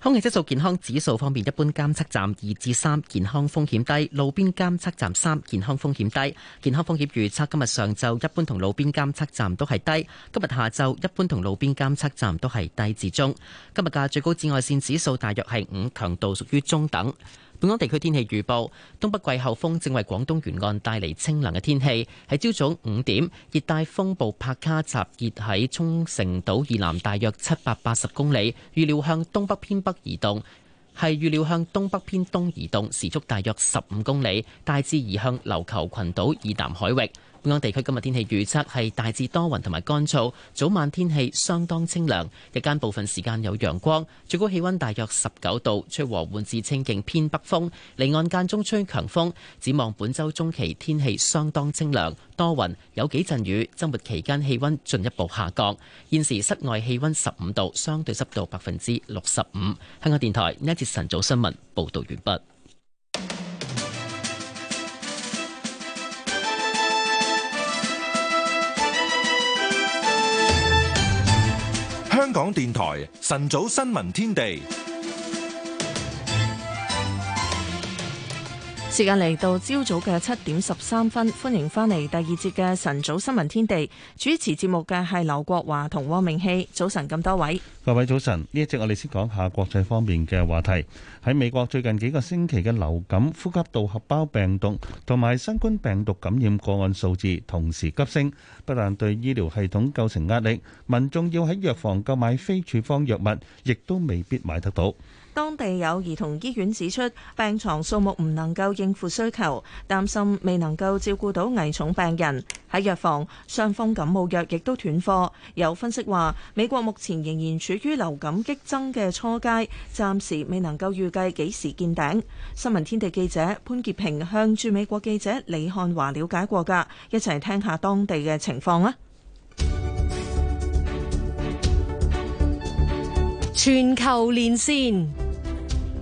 空氣質素健康指數方面，一般監測站二至三，健康風險低；路邊監測站三，健康風險低。健康風險預測今日上晝一般同路邊監測站都係低，今日下晝一般同路邊監測站都係低至中。今日嘅最高紫外線指數大約係五，強度屬於中等。本港地區天氣預報，東北季候風正為廣東沿岸帶嚟清涼嘅天氣。喺朝早五點，熱帶風暴帕卡集結喺沖繩島以南大約七百八十公里，預料向東北偏北移動，係預料向東北偏東移動，時速大約十五公里，大致移向琉球群島以南海域。本港地區今日天氣預測係大致多雲同埋乾燥，早晚天氣相當清涼，日間部分時間有陽光，最高氣溫大約十九度，吹和緩至清勁偏北風，離岸間中吹強風。展望本周中期天氣相當清涼，多雲，有幾陣雨，周末期間氣溫進一步下降。現時室外氣溫十五度，相對濕度百分之六十五。香港電台呢一節晨早新聞報道完畢。香港電台晨早新聞天地。時間嚟到朝早嘅七點十三分，歡迎返嚟第二節嘅晨早新聞天地。主持節目嘅係劉國華同汪明希，早晨咁多位，各位早晨。呢一節我哋先講下國際方面嘅話題。喺美國最近幾個星期嘅流感、呼吸道合胞病毒同埋新冠病毒感染個案數字同時急升，不但對醫療系統構成壓力，民眾要喺藥房購買非處方藥物，亦都未必買得到。當地有兒童醫院指出，病床數目唔能夠應付需求，擔心未能夠照顧到危重病人。喺藥房，雙方感冒藥亦都斷貨。有分析話，美國目前仍然處於流感激增嘅初階，暫時未能夠預計幾時見頂。新聞天地記者潘潔平向駐美國記者李漢華了解過噶，一齊聽下當地嘅情況啊！全球連線。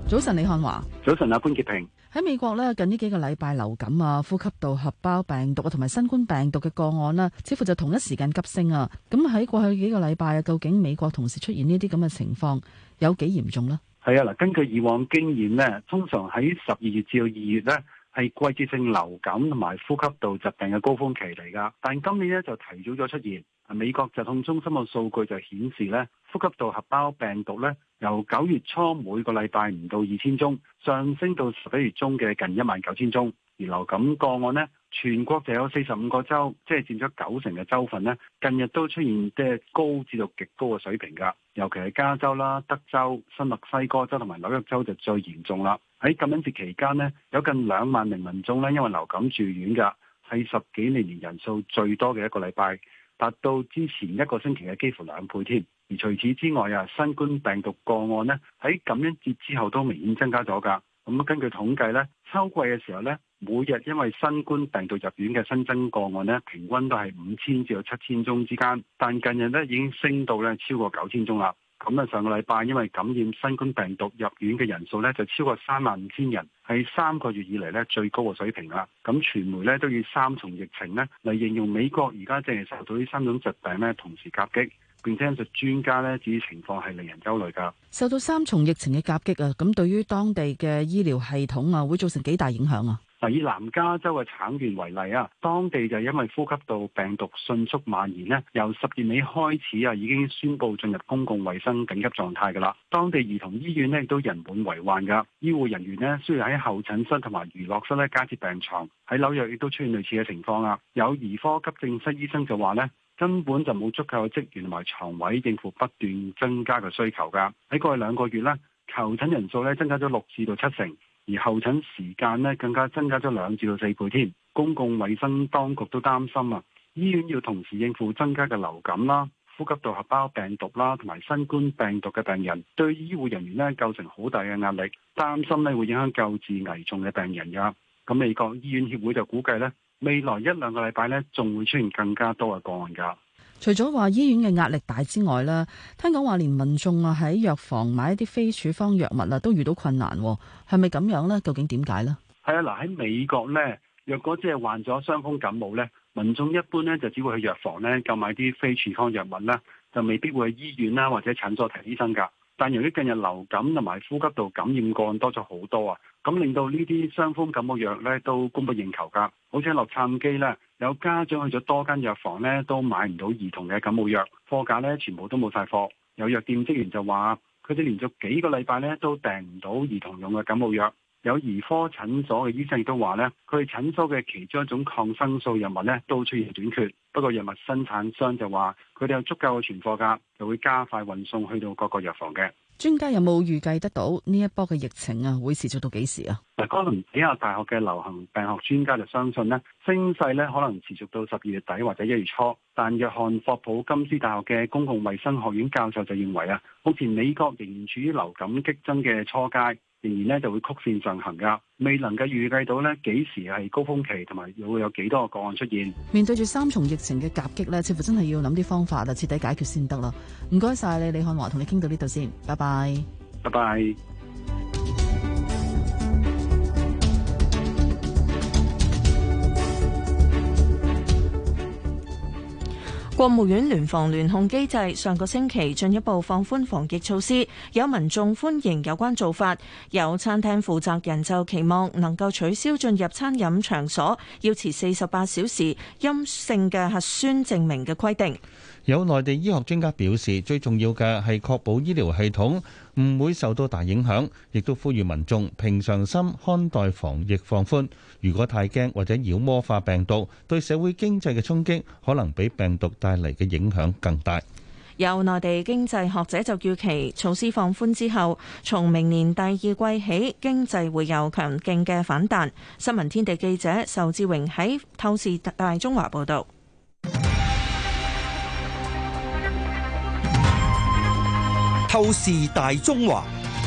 早晨，李漢華。早晨啊，潘潔平。喺美國咧，近呢幾個禮拜流感啊、呼吸道合胞病毒啊，同埋新冠病毒嘅個案咧，似乎就同一時間急升啊。咁喺過去幾個禮拜啊，究竟美國同時出現呢啲咁嘅情況有幾嚴重呢？係啊，嗱，根據以往經驗呢，通常喺十二月至到二月呢，係季節性流感同埋呼吸道疾病嘅高峰期嚟噶，但今年呢，就提早咗出現。美國疾控中心嘅數據就顯示咧，呼吸道合胞病毒咧由九月初每個禮拜唔到二千宗，上升到十一月中嘅近一萬九千宗。而流感個案咧，全國就有四十五個州，即係佔咗九成嘅州份咧，近日都出現即係高至到極高嘅水平㗎。尤其係加州啦、德州、新墨西哥州同埋紐約州就最嚴重啦。喺感恩節期間咧，有近兩萬名民眾咧因為流感住院㗎，係十幾年嚟人數最多嘅一個禮拜。達到之前一個星期嘅幾乎兩倍添，而除此之外啊，新冠病毒個案呢喺感恩節之後都明顯增加咗㗎。咁根據統計呢，秋季嘅時候呢，每日因為新冠病毒入院嘅新增個案呢，平均都係五千至到七千宗之間，但近日呢已經升到咧超過九千宗啦。咁啊，上個禮拜因為感染新冠病毒入院嘅人數呢，就超過三萬五千人，係三個月以嚟呢最高嘅水平啦。咁傳媒呢都以三重疫情呢嚟形容美國而家正係受到呢三種疾病呢同時夾擊，並且就專家呢指情況係令人憂慮噶。受到三重疫情嘅夾擊啊，咁對於當地嘅醫療系統啊，會造成幾大影響啊？嗱，以南加州嘅橙縣為例啊，當地就因為呼吸道病毒迅速蔓延咧，由十月尾開始啊，已經宣布進入公共衛生緊急狀態嘅啦。當地兒童醫院咧都人滿為患噶，醫護人員咧需要喺候診室同埋娛樂室咧加設病床。喺紐約亦都出現類似嘅情況啦。有兒科急症室醫生就話咧，根本就冇足夠嘅職員同埋床位應付不斷增加嘅需求㗎。喺過去兩個月咧，求診人數咧增加咗六至到七成。而候診時間呢更加增加咗兩至到四倍添，公共衞生當局都擔心啊，醫院要同時應付增加嘅流感啦、呼吸道合胞病毒啦同埋新冠病毒嘅病人，對醫護人員呢構成好大嘅壓力，擔心呢會影響救治危重嘅病人噶。咁美國醫院協會就估計呢未來一兩個禮拜呢仲會出現更加多嘅個案噶。除咗話醫院嘅壓力大之外咧，聽講話連民眾啊喺藥房買一啲非處方藥物啊都遇到困難，係咪咁樣呢？究竟點解呢？係啊，嗱，喺美國呢，若果即係患咗傷風感冒呢，民眾一般呢就只會去藥房呢購買啲非處方藥物啦，就未必會去醫院啦或者診所睇醫生噶。但由於近日流感同埋呼吸道感染個案多咗好多啊，咁令到呢啲傷風感冒藥咧都供不應求㗎。好似喺洛杉磯咧，有家長去咗多間藥房咧都買唔到兒童嘅感冒藥，貨架咧全部都冇晒貨。有藥店職員就話：佢哋連續幾個禮拜咧都訂唔到兒童用嘅感冒藥。有兒科診所嘅醫生亦都話呢佢哋診所嘅其中一種抗生素藥物呢都出現短缺，不過藥物生產商就話佢哋有足夠嘅存貨量，就會加快運送去到各個藥房嘅。專家有冇預計得到呢一波嘅疫情啊會持續到幾時啊？哥倫比亞大學嘅流行病學專家就相信呢升勢呢可能持續到十二月底或者一月初，但約翰霍普金斯大學嘅公共衛生學院教授就認為啊，目前美國仍然處於流感激增嘅初階。仍然咧就會曲線上行噶，未能夠預計到呢幾時係高峰期，同埋會有幾多個個案出現。面對住三重疫情嘅夾擊咧，似乎真係要諗啲方法啊，徹底解決先得啦。唔該晒，你，李漢華，同你傾到呢度先，拜拜。拜拜。國務院聯防聯控機制上個星期進一步放寬防疫措施，有民眾歡迎有關做法，有餐廳負責人就期望能夠取消進入餐飲場所要持四十八小時陰性嘅核酸證明嘅規定。有內地醫學專家表示，最重要嘅係確保醫療系統唔會受到大影響，亦都呼籲民眾平常心看待防疫放寬。如果太驚或者妖魔化病毒，對社會經濟嘅衝擊可能比病毒帶嚟嘅影響更大。有內地經濟學者就預期，措施放寬之後，從明年第二季起，經濟會有強勁嘅反彈。新聞天地記者仇志榮喺透視大中華報導。透視大中華。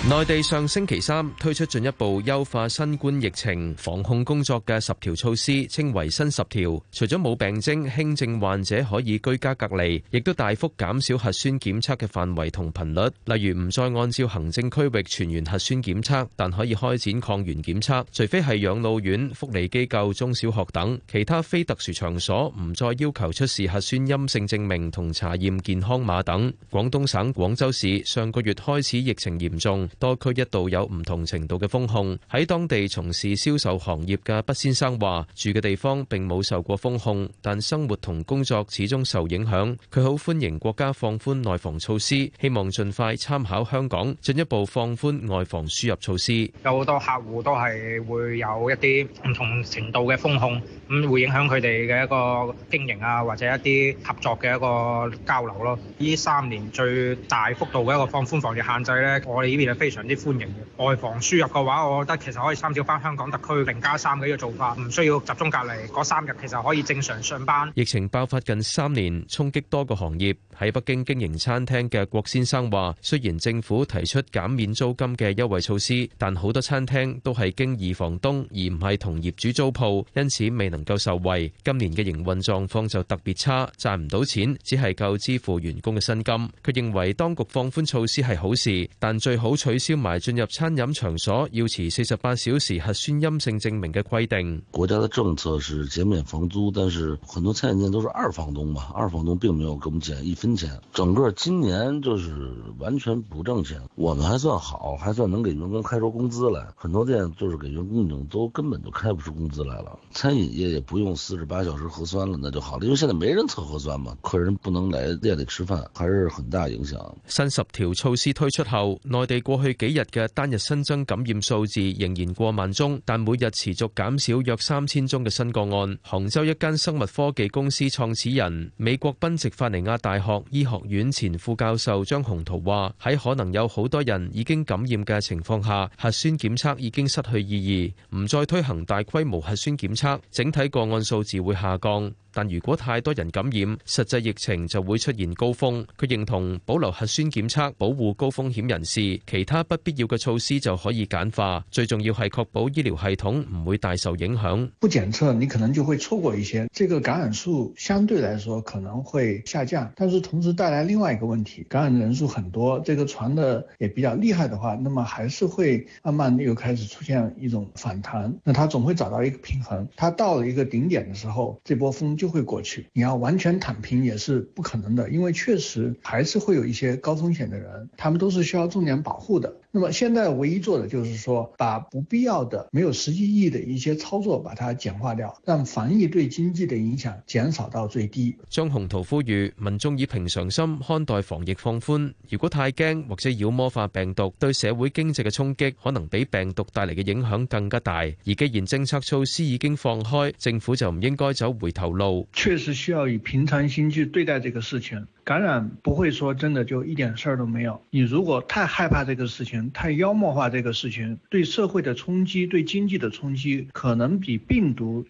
內地上星期三推出進一步優化新冠疫情防控工作嘅十條措施，稱為新十條。除咗冇病徵、輕症患者可以居家隔離，亦都大幅減少核酸檢測嘅範圍同頻率。例如，唔再按照行政區域全員核酸檢測，但可以開展抗原檢測。除非係養老院、福利機構、中小學等其他非特殊場所，唔再要求出示核酸陰性證明同查驗健康碼等。廣東省廣州市上個月開始疫情嚴重。多區一度有唔同程度嘅封控，喺當地從事銷售行業嘅畢先生話：住嘅地方並冇受過封控，但生活同工作始終受影響。佢好歡迎國家放寬內防措施，希望盡快參考香港，進一步放寬外防輸入措施。有好多客戶都係會有一啲唔同程度嘅封控，咁會影響佢哋嘅一個經營啊，或者一啲合作嘅一個交流咯。呢三年最大幅度嘅一個放寬防疫限制咧，我哋呢邊啊～非常之歡迎外防輸入嘅話，我覺得其實可以參照翻香港特區零加三嘅一個做法，唔需要集中隔離嗰三日，其實可以正常上班。疫情爆發近三年，衝擊多個行業。喺北京經營餐廳嘅郭先生話，雖然政府提出減免租金嘅優惠措施，但好多餐廳都係經二房東，而唔係同業主租鋪，因此未能夠受惠。今年嘅營運狀況就特別差，賺唔到錢，只係夠支付員工嘅薪金。佢認為當局放寬措施係好事，但最好，取消埋進入餐飲場所要持四十八小時核酸陰性證明嘅規定。國家的政策是減免房租，但是很多餐飲店都是二房東嘛，二房東並沒有給我們減一分錢。整個今年就是完全不掙錢，我們還算好，還算能給員工開出工資來。很多店就是給員工已經都根本就開不出工資來了。餐飲業也不用四十八小時核酸了，那就好了，因為現在沒人測核酸嘛，客人不能來店裏吃飯，還是很大影響。新十條措施推出後，內地過過去幾日嘅單日新增感染數字仍然過萬宗，但每日持續減少約三千宗嘅新個案。杭州一間生物科技公司創始人、美國賓夕法尼亞大學醫學院前副教授張洪濤話：喺可能有好多人已經感染嘅情況下，核酸檢測已經失去意義，唔再推行大規模核酸檢測，整體個案數字會下降。但如果太多人感染，實際疫情就會出現高峰。佢認同保留核酸檢測，保護高風險人士，其他不必要嘅措施就可以簡化。最重要係確保醫療系統唔會大受影響。不檢測，你可能就會錯過一些，這個感染數相對來說可能會下降，但是同時帶來另外一個問題，感染人數很多，這個傳的也比較厲害的話，那麼還是會慢慢又開始出現一種反彈。那他總會找到一個平衡，他到了一個頂點的時候，這波風。就會過去，你要完全躺平也是不可能的，因為確實還是會有一些高風險的人，他們都是需要重點保護的。那麼現在唯一做的就是說，把不必要的、沒有實際意義的一些操作，把它簡化掉，讓防疫對經濟的影響減少到最低。張宏圖呼籲民眾以平常心看待防疫放寬。如果太驚或者妖魔化病毒，對社會經濟的衝擊可能比病毒帶嚟嘅影響更加大。而既然政策措施已經放開，政府就唔應該走回頭路。確實需要以平常心去對待這個事情。感染不會說真的就一點事兒都沒有。你如果太害怕這個事情，太妖魔化這個事情，對社會的衝擊，對經濟的衝擊，可能比病毒，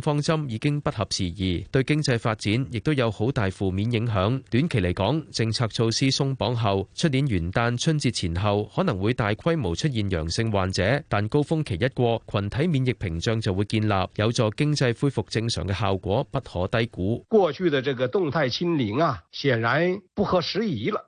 方針已經不合時宜，對經濟發展亦都有好大負面影響。短期嚟講，政策措施鬆綁後，出年元旦、春節前後可能會大規模出現陽性患者，但高峰期一過，群體免疫屏障就會建立，有助經濟恢復正常嘅效果不可低估。過去的這個動態清零啊，顯然不合時宜了。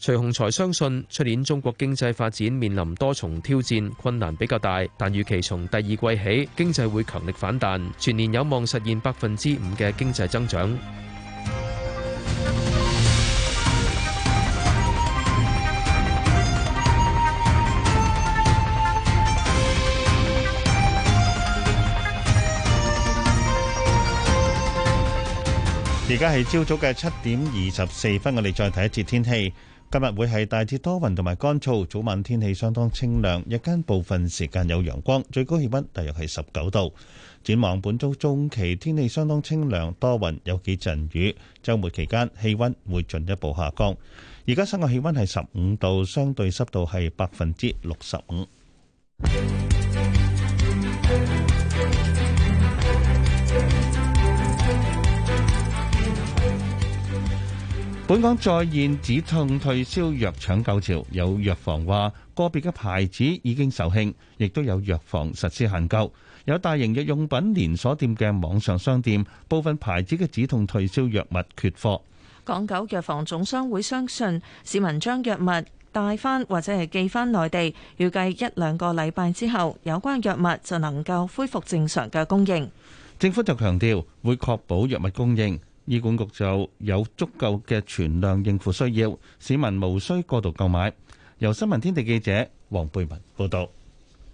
徐洪才相信，出年中國經濟發展面臨多重挑戰，困難比較大，但預期從第二季起，經濟會強力反彈，全年有望實現百分之五嘅經濟增長。而家係朝早嘅七點二十四分，我哋再睇一次天氣。今日會係大致多雲同埋乾燥，早晚天氣相當清涼，日間部分時間有陽光，最高氣溫大約係十九度。展望本周中期，天氣相當清涼多雲有幾陣雨。周末期間氣溫會進一步下降。而家室外氣溫係十五度，相對濕度係百分之六十五。本港再現止痛退燒藥搶購潮，有藥房話個別嘅牌子已經售罄，亦都有藥房實施限購。有大型日用品連鎖店嘅網上商店，部分牌子嘅止痛退燒藥物缺貨。港九藥房總商會相信市民將藥物帶返或者係寄返內地，預計一兩個禮拜之後，有關藥物就能夠恢復正常嘅供應。政府就強調會確保藥物供應。醫管局就有足夠嘅存量應付需要，市民無需過度購買。由新聞天地記者黃貝文報道。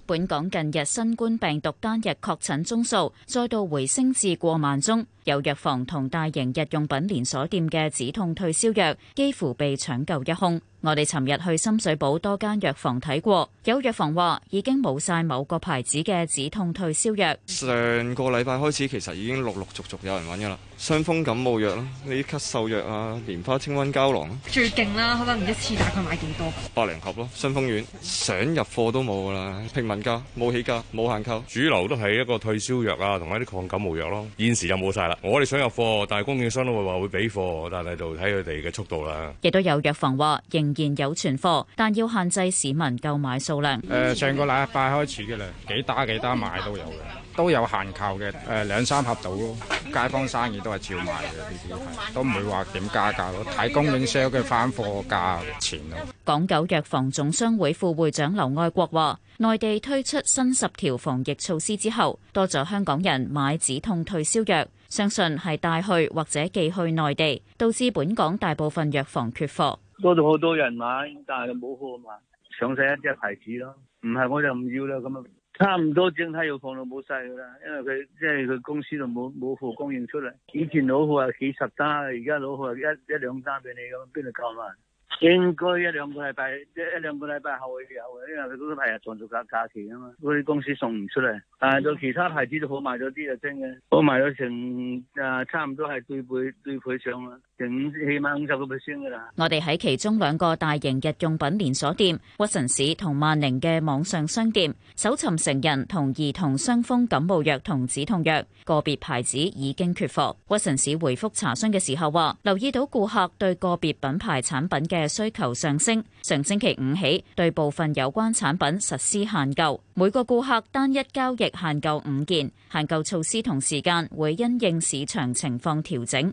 本港近日新冠病毒單日確診宗數再度回升至過萬宗，有藥房同大型日用品連鎖店嘅止痛退燒藥幾乎被搶購一空。我哋尋日去深水埗多間藥房睇過，有藥房話已經冇晒某個牌子嘅止痛退燒藥。上個禮拜開始其實已經陸陸續續有人揾噶啦，傷風感冒藥啦，呢啲咳嗽藥啊，蓮花清瘟膠囊、啊、最勁啦，可能一次大概買幾多？百零盒咯，傷風丸想入貨都冇噶啦，平民價冇起價冇限購，主流都係一個退燒藥啊同埋一啲抗感冒藥咯、啊，現時就冇晒啦。我哋想入貨，但係供應商都會話會俾貨，但係度睇佢哋嘅速度啦、啊。亦都有藥房話認。仍然有存貨，但要限制市民購買數量。誒，上個禮拜開始嘅啦，幾打幾打買都有嘅，都有限購嘅。誒，兩三盒到咯，街坊生意都係照賣嘅，呢啲係都唔會話點加價咯。睇供應商嘅翻貨價錢咯。港九藥房總商會副會長劉愛國話，內地推出新十條防疫措施之後，多咗香港人買止痛退燒藥，相信係帶去或者寄去內地，導致本港大部分藥房缺貨。多咗好多人買，但係冇貨賣，上晒一隻牌子咯。唔係我就唔要啦。咁啊，差唔多整體要放到冇晒噶啦。因為佢即係佢公司就冇冇貨供應出嚟。以前攞貨係幾十單，而家攞貨係一一,一兩單俾你咁，邊度夠賣？應該一兩個禮拜，一一兩個禮拜後會有，因為佢嗰啲係日上做價價錢啊嘛。嗰啲公司送唔出嚟，但係到其他牌子都好賣咗啲就真嘅。我賣咗成啊，差唔多係對倍對倍上啦。起碼五十個。我哋喺其中兩個大型日用品連鎖店屈臣氏同萬寧嘅網上商店搜尋，成人同兒童傷風感冒藥同止痛藥，個別牌子已經缺貨。屈臣氏回覆查詢嘅時候話，留意到顧客對個別品牌產品嘅需求上升，上星期五起對部分有關產品實施限購，每個顧客單一交易限購五件，限購措施同時間會因應市場情況調整。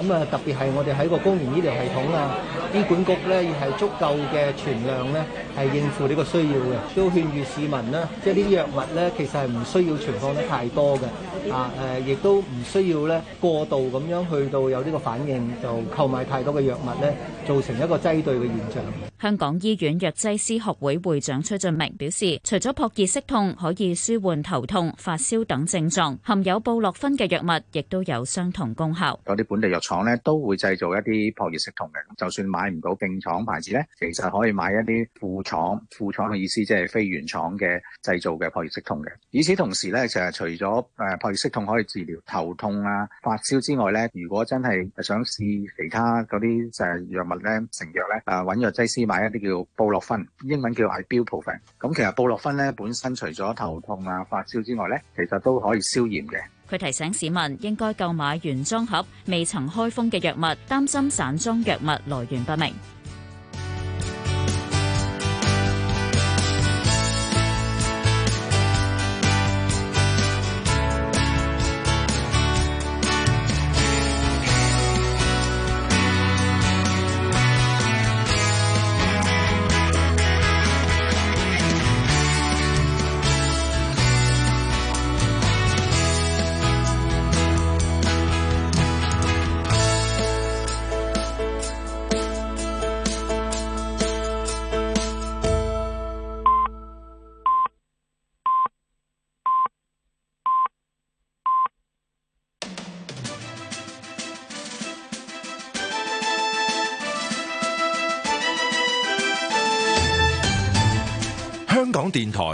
咁啊，特別係我哋喺個公營醫療系統啊，醫管局咧係足夠嘅存量咧，係應付呢個需要嘅。都勸喻市民咧，即係啲藥物咧，其實係唔需要存放得太多嘅。啊誒，亦都唔需要咧過度咁樣去到有呢個反應就購買太多嘅藥物咧，造成一個擠兌嘅現象。香港醫院藥劑師學會會長崔俊明表示，除咗撲熱息痛可以舒緩頭痛、發燒等症狀，含有布洛芬嘅藥物亦都有相同功效。有啲本地藥廠咧都會製造一啲撲熱息痛嘅，就算買唔到正廠牌子咧，其實可以買一啲副廠，副廠嘅意思即係非原廠嘅製造嘅撲熱息痛嘅。與此同時咧，其實除咗誒、呃、撲熱息痛可以治療頭痛啊、發燒之外咧，如果真係想試其他嗰啲就係藥物咧、成藥咧，誒揾藥劑師買一啲叫布洛芬，英文叫 ibuprofen。咁其實布洛芬咧本身除咗頭痛啊、發燒之外咧，其實都可以消炎嘅。佢提醒市民應該購買原裝盒、未曾開封嘅藥物，擔心散裝藥物來源不明。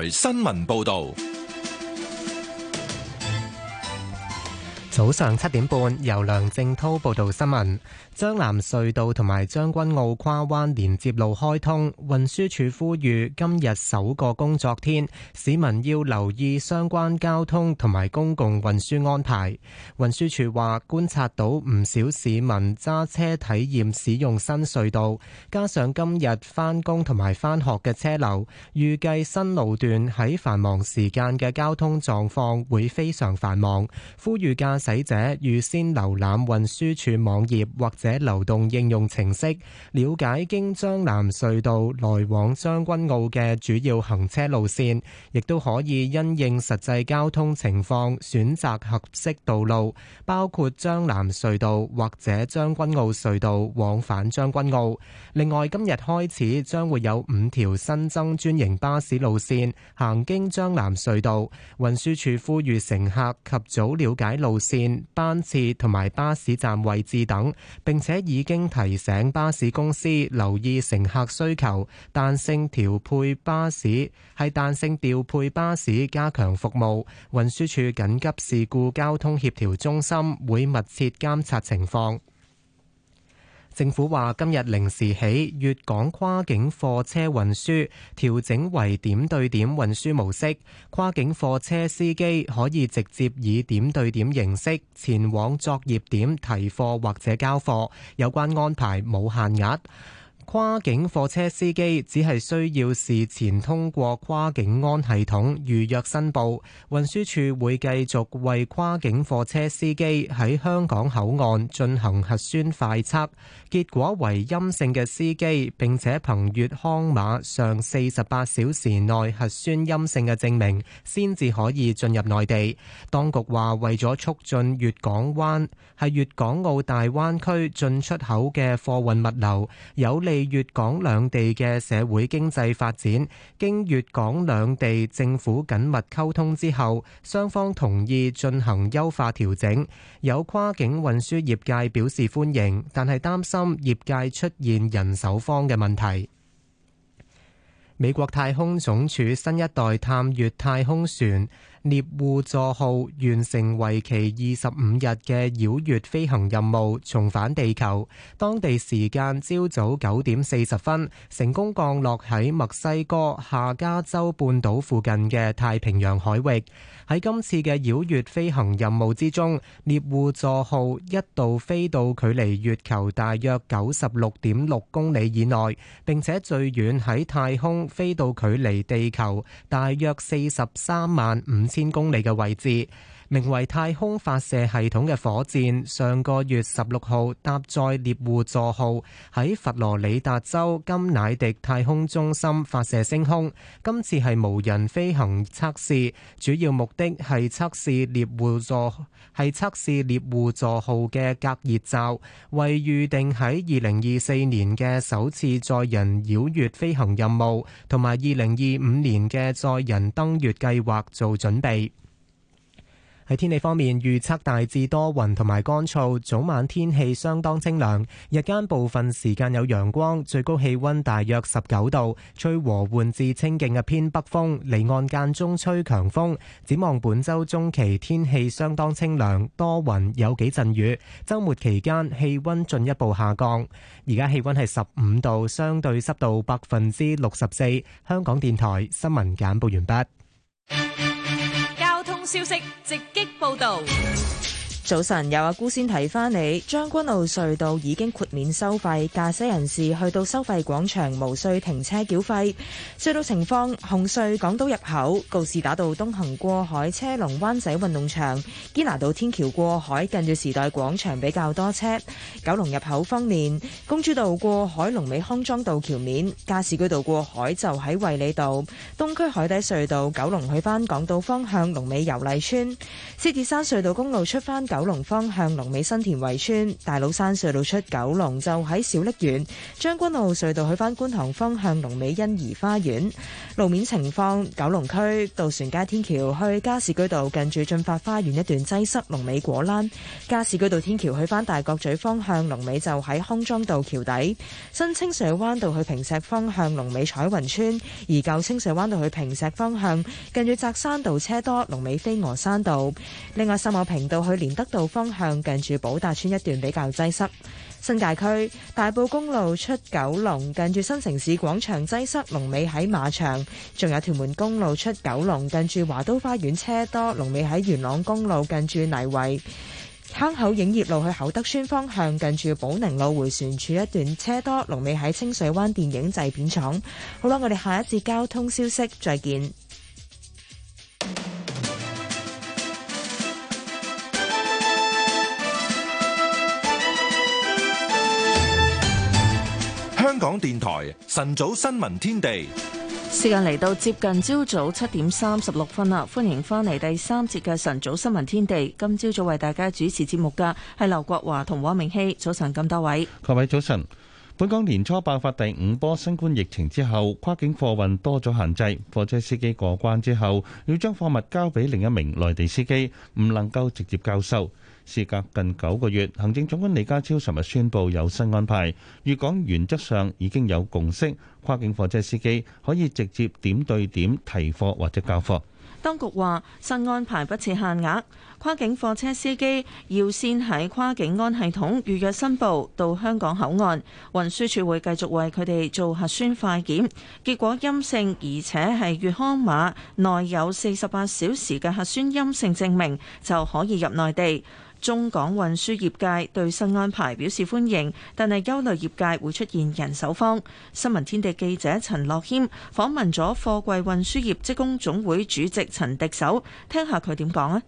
新聞報道。早上七點半，由梁正濤報道新聞。將藍隧道同埋將軍澳跨灣連接路開通，運輸署呼籲今日首個工作天，市民要留意相關交通同埋公共運輸安排。運輸署話，觀察到唔少市民揸車體驗使用新隧道，加上今日返工同埋返學嘅車流，預計新路段喺繁忙時間嘅交通狀況會非常繁忙，呼籲駕駛。使者預先瀏覽運輸署網頁或者流動應用程式，了解經將藍隧道來往將軍澳嘅主要行車路線，亦都可以因應實際交通情況選擇合適道路，包括將藍隧道或者將軍澳隧道往返將軍澳。另外，今日開始將會有五條新增專營巴士路線行經將藍隧道，運輸署呼籲乘客及早了解路線班次同埋巴士站位置等，並且已經提醒巴士公司留意乘客需求，彈性調配巴士係彈性調配巴士，巴士加強服務，運輸署緊急事故交通協調中心會密切監察情況。政府話，今日零時起，粵港跨境貨車運輸調整為點對點運輸模式，跨境貨車司機可以直接以點對點形式前往作業點提貨或者交貨。有關安排冇限額。跨境貨車司機只係需要事前通過跨境安系統預約申報，運輸處會繼續為跨境貨車司機喺香港口岸進行核酸快測，結果為陰性嘅司機，並且憑粵康碼上四十八小時內核酸陰性嘅證明，先至可以進入內地。當局話為咗促進粵港灣係粵港澳大灣區進出口嘅貨運物流有利。粵港兩地嘅社會經濟發展，經粵港兩地政府緊密溝通之後，雙方同意進行優化調整，有跨境運輸業界表示歡迎，但係擔心業界出現人手荒嘅問題。美國太空總署新一代探月太空船。獵戶座號完成為期二十五日嘅繞月飛行任務，重返地球。當地時間朝早九點四十分，成功降落喺墨西哥下加州半島附近嘅太平洋海域。喺今次嘅繞月飛行任務之中，獵戶座號一度飛到距離月球大約九十六點六公里以內，並且最遠喺太空飛到距離地球大約四十三萬五千公里嘅位置。名為太空發射系統嘅火箭，上個月十六號搭載獵戶座號喺佛羅里達州金乃迪太空中心發射升空。今次係無人飛行測試，主要目的係測試獵戶座係測試獵戶座號嘅隔熱罩，為預定喺二零二四年嘅首次載人繞月飛行任務，同埋二零二五年嘅載人登月計劃做準備。喺天氣方面，預測大致多雲同埋乾燥，早晚天氣相當清涼，日間部分時間有陽光，最高氣溫大約十九度，吹和緩至清勁嘅偏北風，離岸間中吹強風。展望本周中期天氣相當清涼，多雲有幾陣雨，周末期間氣溫進一步下降。而家氣溫係十五度，相對濕度百分之六十四。香港電台新聞簡報完畢。消息直擊報導。早晨，有阿姑先睇翻你。將軍澳隧道已經豁免收費，駕駛人士去到收費廣場無需停車繳費。隧道情況，紅隧港島入口告士打道東行過海車龍灣仔運動場，堅拿道天橋過海近住時代廣場比較多車。九龍入口方面，公主道過海龍尾康莊道橋面，加士居道過海就喺惠利道。東區海底隧道九龍去返港島方向龍尾油麗邨，獅子山隧道公路出返九。九龍方向龍尾新田圍村，大老山隧道出九龍就喺小瀝源，將軍澳隧道去翻觀塘方向龍尾欣怡花園。路面情況：九龍區渡船街天橋去加士居道近住駿發花園一段擠塞，龍尾果欄；加士居道天橋去翻大角咀方向龍尾就喺康莊道橋底；新清水灣道去坪石方向龍尾彩雲村，而舊清水灣道去坪石方向近住扎山道車多，龍尾飛鵝山道。另外深澳平道去連德，道方向近住寶達村一段比較擠塞，新界區大埔公路出九龍近住新城市廣場擠塞，龍尾喺馬場；仲有屯門公路出九龍近住華都花園車多，龍尾喺元朗公路近住泥圍，坑口影業路去厚德村方向近住寶寧路回旋處一段車多，龍尾喺清水灣電影製片廠。好啦，我哋下一節交通消息再見。香港電台晨早新聞天地，時間嚟到接近朝早七點三十六分啦，歡迎翻嚟第三節嘅晨早新聞天地。今朝早為大家主持節目嘅係劉國華同黃明熙，早晨，咁多位，各位早晨。本港年初爆發第五波新冠疫情之後，跨境貨運多咗限制，貨車司機過關之後要將貨物交俾另一名內地司機，唔能夠直接交收。事隔近九個月，行政長官李家超尋日宣布有新安排。粵港原則上已經有共識，跨境貨車司機可以直接點對點提貨或者交貨。當局話新安排不設限額，跨境貨車司機要先喺跨境安系統預約申報到香港口岸，運輸處會繼續為佢哋做核酸快檢。結果陰性而且係粵康碼內有四十八小時嘅核酸陰性證明就可以入內地。中港運輸業界對新安排表示歡迎，但係憂慮業界會出現人手荒。新聞天地記者陳樂謙訪問咗貨櫃運輸業職工總會主席陳迪手，聽下佢點講啊。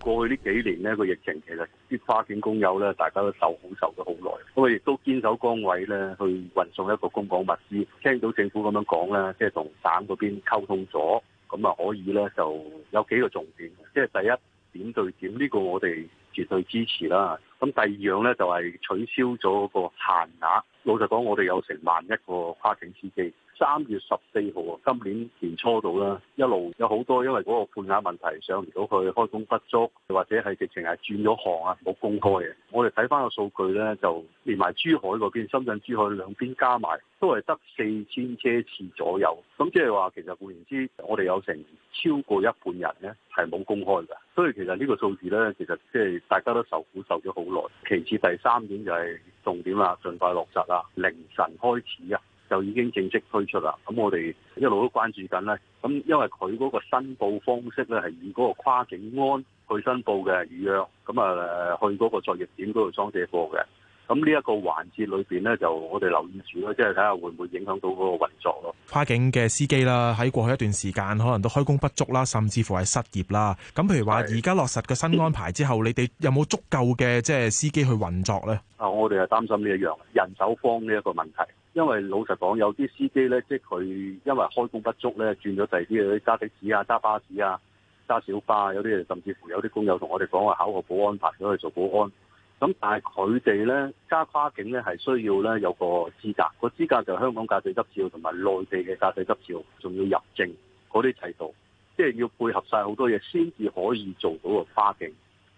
過去呢幾年呢個疫情其實啲花園工友咧，大家都受好受咗好耐。不過亦都堅守崗位咧，去運送一個公港物資，聽到政府咁樣講咧，即係同省嗰邊溝通咗，咁啊可以咧就有幾個重點，即係第一點對點呢個我哋。絕對支持啦。咁第二樣咧就係取消咗個限額。老實講，我哋有成萬一個跨境司機。三月十四號啊，今年年初到啦，一路有好多，因為嗰個判額問題上唔到去開工不足，或者係直情係轉咗行啊，冇公開嘅。我哋睇翻個數據咧，就連埋珠海嗰邊、深圳、珠海兩邊加埋，都係得四千車次左右。咁即係話，其實換言之，我哋有成超過一半人咧係冇公開嘅。所以其實呢個數字咧，其實即係大家都受苦受咗好耐。其次第三點就係重點啦，盡快落實啦，凌晨開始啊！就已經正式推出啦，咁我哋一路都關注緊咧，咁因為佢嗰個申報方式咧係以嗰個跨境安去申報嘅預約，咁啊去嗰個作業點嗰度裝卸貨嘅。咁呢一個環節裏邊咧，就我哋留意住咯，即係睇下會唔會影響到嗰個運作咯。跨境嘅司機啦，喺過去一段時間可能都開工不足啦，甚至乎係失業啦。咁譬如話，而家落實嘅新安排之後， *coughs* 你哋有冇足夠嘅即係司機去運作咧？啊，我哋係擔心呢一樣人手荒呢一個問題，因為老實講，有啲司機咧，即係佢因為開工不足咧，轉咗第二啲，有啲揸的士啊、揸巴士啊、揸小巴、啊，有啲甚至乎有啲工友同我哋講話考個保安牌，咁去做保安。咁但係佢哋咧，加跨境咧係需要咧有個資格，個資格就香港駕駛執照同埋內地嘅駕駛執照，仲要入證嗰啲制度，即係要配合晒好多嘢先至可以做到個跨境。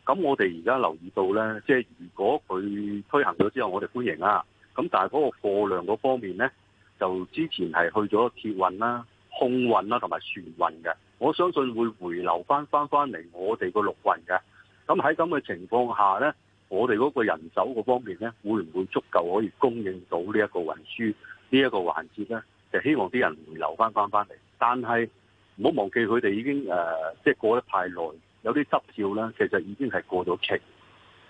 咁我哋而家留意到咧，即係如果佢推行咗之後，我哋歡迎啦、啊。咁但係嗰個貨量嗰方面咧，就之前係去咗鐵運啦、啊、空運啦同埋船運嘅，我相信會回流翻翻翻嚟我哋個陸運嘅。咁喺咁嘅情況下咧。我哋嗰個人手個方面咧，會唔會足夠可以供應到呢一個運輸呢一個環節呢？就希望啲人留回流翻翻翻嚟。但係唔好忘記，佢哋已經誒，即係過得太耐，有啲執照呢其實已經係過咗期。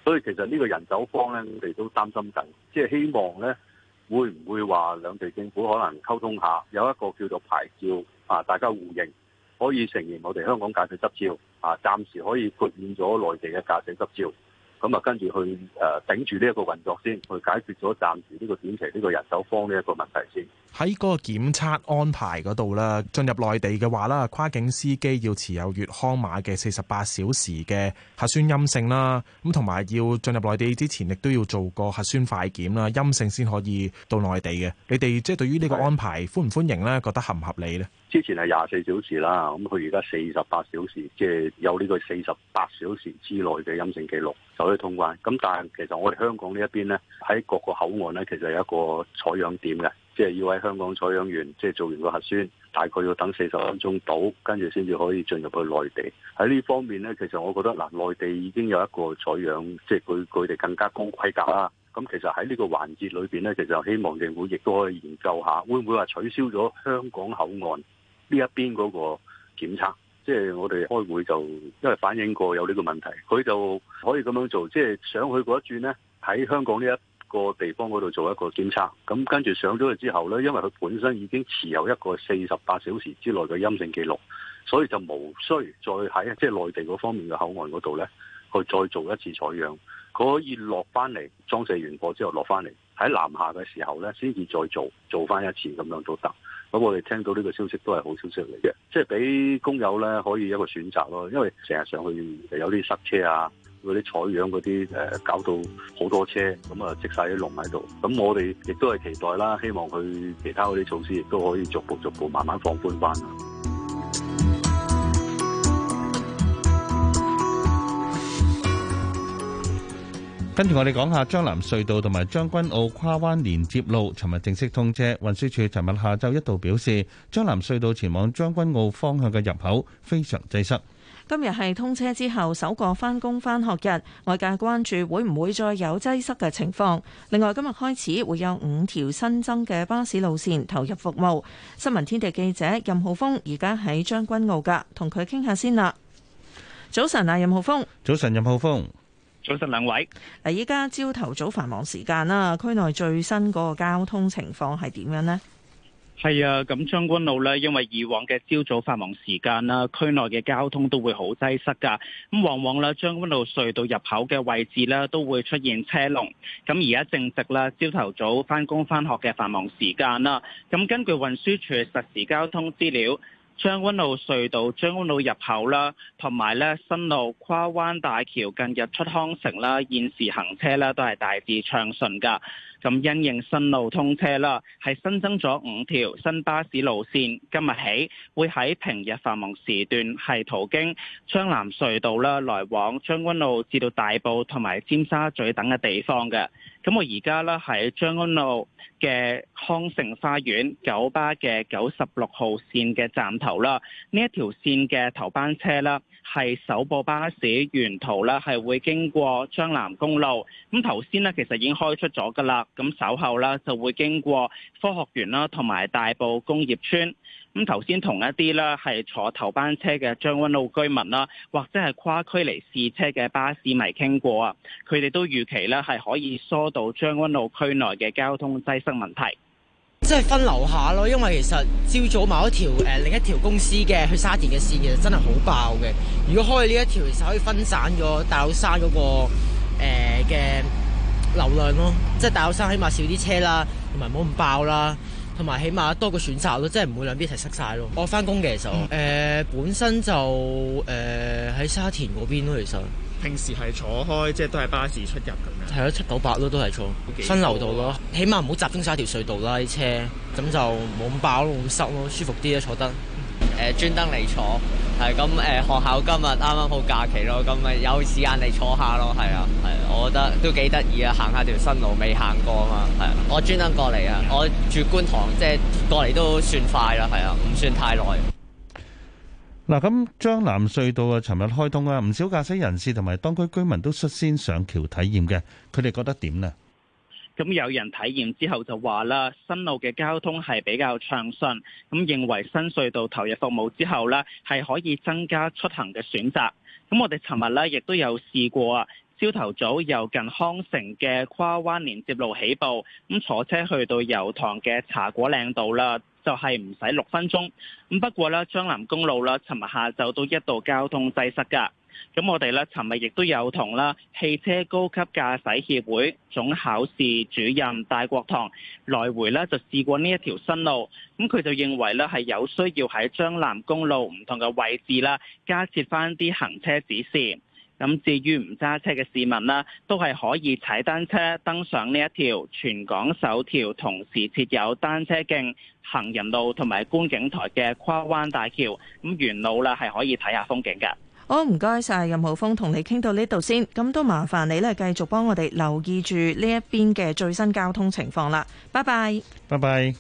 所以其實呢個人手方呢，我哋都擔心緊，即係希望呢會唔會話兩地政府可能溝通下，有一個叫做牌照啊，大家互認，可以承認我哋香港駕駛執照啊，暫時可以豁免咗內地嘅駕駛執照。咁啊，跟住去誒，頂住呢一個運作先，去解決咗暫時呢個短期呢個人手荒呢一個問題先，喺個檢測安排嗰度啦。進入內地嘅話啦，跨境司機要持有粵康碼嘅四十八小時嘅核酸陰性啦，咁同埋要進入內地之前，亦都要做個核酸快檢啦，陰性先可以到內地嘅。你哋即係對於呢個安排歡唔歡迎呢？覺得合唔合理呢？之前係廿四小時啦，咁佢而家四十八小時，即係有呢個四十八小時之內嘅陰性記錄就可以通關。咁但係其實我哋香港呢一邊呢，喺各個口岸呢，其實有一個採樣點嘅，即係要喺香港採樣完，即係做完個核酸，大概要等四十分鐘到，跟住先至可以進入去內地。喺呢方面呢，其實我覺得嗱，內地已經有一個採樣，即係佢佢哋更加高規格啦。咁其實喺呢個環節裏邊呢，其實希望政府亦都可以研究下，會唔會話取消咗香港口岸？呢一邊嗰個檢測，即係我哋開會就因為反映過有呢個問題，佢就可以咁樣做，即係上去嗰一轉呢，喺香港呢一個地方嗰度做一個檢測，咁跟住上咗去之後呢，因為佢本身已經持有一個四十八小時之內嘅陰性記錄，所以就無需再喺即係內地嗰方面嘅口岸嗰度呢，去再做一次採樣，佢可以落翻嚟裝卸完貨之後落翻嚟喺南下嘅時候呢，先至再做做翻一次咁樣都得。咁我哋聽到呢個消息都係好消息嚟嘅，即係俾工友咧可以一個選擇咯，因為成日上去有啲塞車啊，嗰啲採樣嗰啲誒搞到好多車，咁啊積晒啲龍喺度。咁我哋亦都係期待啦，希望佢其他嗰啲措施亦都可以逐步逐步慢慢放寬翻啊。跟住我哋講下將藍隧道同埋將軍澳跨灣連接路，尋日正式通車。運輸署尋日下晝一度表示，將藍隧道前往將軍澳方向嘅入口非常擠塞。今日係通車之後首個翻工翻學日，外界關注會唔會再有擠塞嘅情況。另外，今日開始會有五條新增嘅巴士路綫投入服務。新聞天地記者任浩峰而家喺將軍澳噶，同佢傾下先啦。早晨啊，任浩峰。早晨，任浩峰。早晨，兩位。嗱，依家朝頭早繁忙時間啦，區內最新嗰個交通情況係點樣呢？係啊，咁將軍澳咧，因為以往嘅朝早繁忙時間啦，區內嘅交通都會好擠塞噶。咁往往咧，將軍澳隧道入口嘅位置咧，都會出現車龍。咁而家正值咧朝頭早翻工翻學嘅繁忙時間啦。咁根據運輸署實時交通資料，將軍澳隧道，將軍澳入口啦，同埋咧新路跨灣大橋近日出康城啦，現時行車咧都係大致暢順噶。咁因應新路通車啦，係新增咗五條新巴士路線，今日起會喺平日繁忙時段係途經昌南隧道啦，來往將軍澳至到大埔同埋尖沙咀等嘅地方嘅。咁我而家咧喺將軍澳嘅康城花園九巴嘅九十六號線嘅站頭啦，呢一條線嘅頭班車啦。係首部巴士沿途咧，係會經過將南公路。咁頭先咧，其實已經開出咗噶啦。咁稍後咧，就會經過科學園啦，同埋大埔工業村。咁頭先同一啲咧係坐頭班車嘅將軍澳居民啦，或者係跨區嚟試車嘅巴士迷傾過啊。佢哋都預期咧係可以疏導將軍澳區內嘅交通擠塞問題。即係分流下咯，因為其實朝早某一條誒、呃、另一條公司嘅去沙田嘅線其實真係好爆嘅。如果開呢一條，其實可以分散咗大老山嗰、嗰個誒嘅、呃、流量咯。即係大老山起碼少啲車啦，同埋冇咁爆啦，同埋起碼多個選擇咯。即係唔會兩邊一齊塞晒咯。我翻工嘅時候，誒、呃、本身就誒喺、呃、沙田嗰邊咯，其實。平時係坐開，即係都係巴士出入咁樣，係咯七九八咯，都係坐新路度咯，起碼唔好集中晒條隧道啦啲車，咁就冇咁爆咯好塞咯，舒服啲啊坐得。誒專登嚟坐，係咁誒學校今日啱啱好假期咯，咁咪有時間嚟坐下咯，係啊係啊，我覺得都幾得意啊，行下條新路未行過啊嘛，係啊，我專登過嚟啊，我住觀塘，即係過嚟都算快啦，係啊，唔算太耐。嗱，咁將藍隧道啊，尋日開通啊，唔少駕駛人士同埋當區居民都率先上橋體驗嘅，佢哋覺得點呢？咁有人體驗之後就話啦，新路嘅交通係比較暢順，咁認為新隧道投入服務之後呢，係可以增加出行嘅選擇。咁我哋尋日咧亦都有試過啊，朝頭早由近康城嘅跨灣連接路起步，咁坐車去到油塘嘅茶果嶺道啦。就係唔使六分鐘，咁不過咧，將南公路啦，尋日下晝都一度交通擠塞噶。咁我哋咧，尋日亦都有同啦，汽車高級駕駛協會總考試主任戴國堂來回咧，就試過呢一條新路。咁佢就認為咧，係有需要喺將南公路唔同嘅位置啦，加設翻啲行車指示。咁至於唔揸車嘅市民啦，都係可以踩單車登上呢一條全港首條同時設有單車徑、行人路同埋觀景台嘅跨灣大橋。咁沿路啦係可以睇下風景嘅。好，唔該晒任浩峰，同你傾到呢度先。咁都麻煩你咧，繼續幫我哋留意住呢一邊嘅最新交通情況啦。拜拜，拜拜，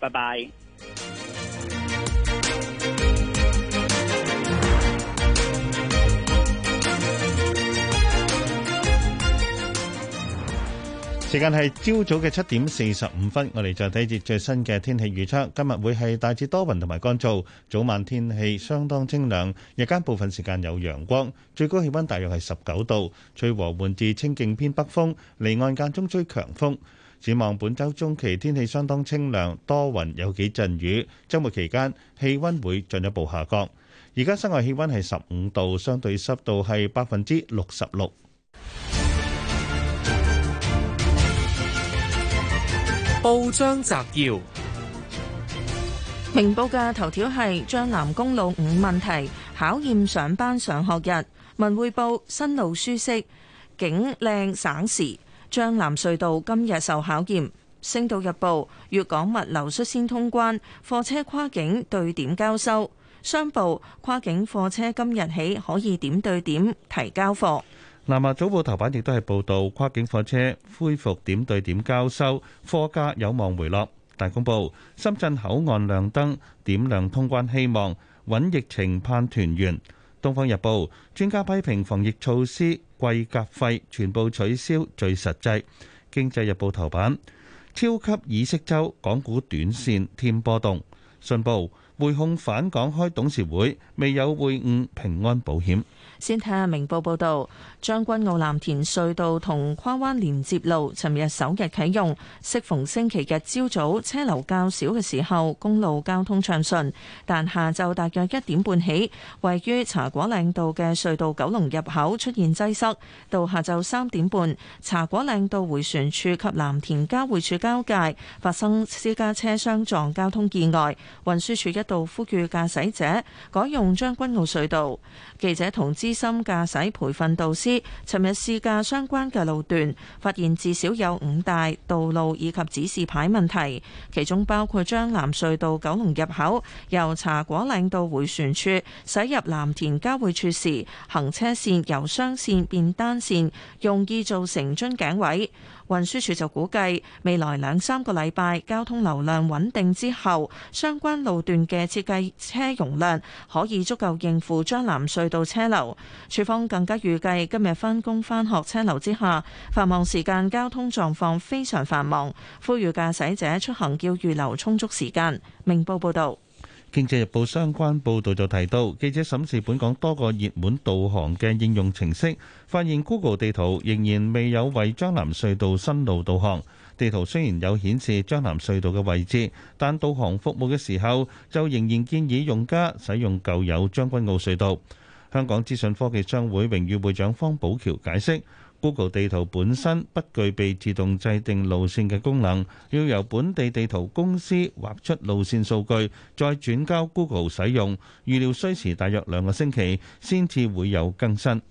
拜拜。時間係朝早嘅七點四十五分，我哋再睇一節最新嘅天氣預測。今日會係大致多雲同埋乾燥，早晚天氣相當清涼，日間部分時間有陽光，最高氣温大約係十九度，吹和緩至清勁偏北風，離岸間中吹強風。展望本周中期天氣相當清涼，多雲有幾陣雨。周末期間氣温會進一步下降。而家室外氣温係十五度，相對濕度係百分之六十六。報章摘要：明報嘅頭條係將南公路五問題考驗上班上學日。文匯報新路舒適景靚省時，將南隧道今日受考驗。星島日報粵港物流率先通關，貨車跨境對點交收。商報跨境貨車今日起可以點對點提交貨。南華早報頭版亦都係報導跨境貨車恢復點對點交收，貨價有望回落。大公報：深圳口岸亮燈，點亮通關希望，穩疫情盼團圓。《東方日報》專家批評防疫措施貴格費，全部取消最實際。《經濟日報》頭版：超級議息周，港股短線添波動。信報匯控返港開董事會，未有會晤平安保險。先睇下明報報道。將軍澳藍田隧道同跨灣連接路尋日首日啟用，適逢星期日朝早，車流較少嘅時候，公路交通暢順。但下晝大約一點半起，位於茶果嶺道嘅隧道九龍入口出現擠塞，到下晝三點半，茶果嶺道迴旋處及藍田交匯處交界發生私家車相撞交通意外，運輸署一度呼籲駕駛者改用將軍澳隧道。記者同資資深駕駛培訓導師尋日試駕相關嘅路段，發現至少有五大道路以及指示牌問題，其中包括將南隧道九龍入口由茶果嶺道迴旋處駛入藍田交匯處時，行車綫由雙綫變單綫，容易造成樽頸位。運輸署就估計，未來兩三個禮拜交通流量穩定之後，相關路段嘅設計車容量可以足夠應付將藍隧道車流。署方更加預計今日返工返學車流之下，繁忙時間交通狀況非常繁忙，呼籲駕駛者出行要預留充足時間。明報報導。《經濟日報》相關報導就提到，記者審視本港多個熱門導航嘅應用程式，發現 Google 地圖仍然未有為將藍隧道新路導航。地圖雖然有顯示將藍隧道嘅位置，但導航服務嘅時候就仍然建議用家使用舊有將軍澳隧道。香港資訊科技商會榮譽會長方保僑解釋。Google 地圖本身不具備自動制定路線嘅功能，要由本地地圖公司畫出路線數據，再轉交 Google 使用。預料需時大約兩個星期先至會有更新。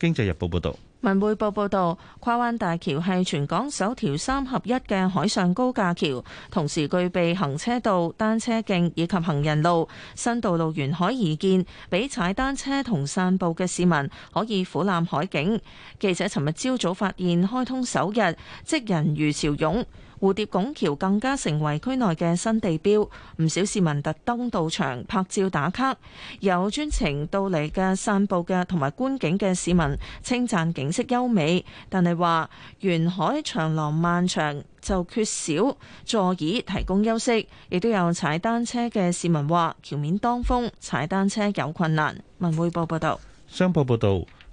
經濟日報報道。文匯報報道，跨灣大橋係全港首條三合一嘅海上高架橋，同時具備行車道、單車徑以及行人路。新道路沿海而建，俾踩單車同散步嘅市民可以俯瞰海景。記者尋日朝早發現，開通首日即人如潮湧。蝴蝶拱橋更加成為區內嘅新地標，唔少市民特登到場拍照打卡，有專程到嚟嘅散步嘅同埋觀景嘅市民稱讚景色優美，但係話沿海長廊漫長就缺少座椅提供休息，亦都有踩單車嘅市民話橋面當風踩單車有困難。文匯報報導，商報報道。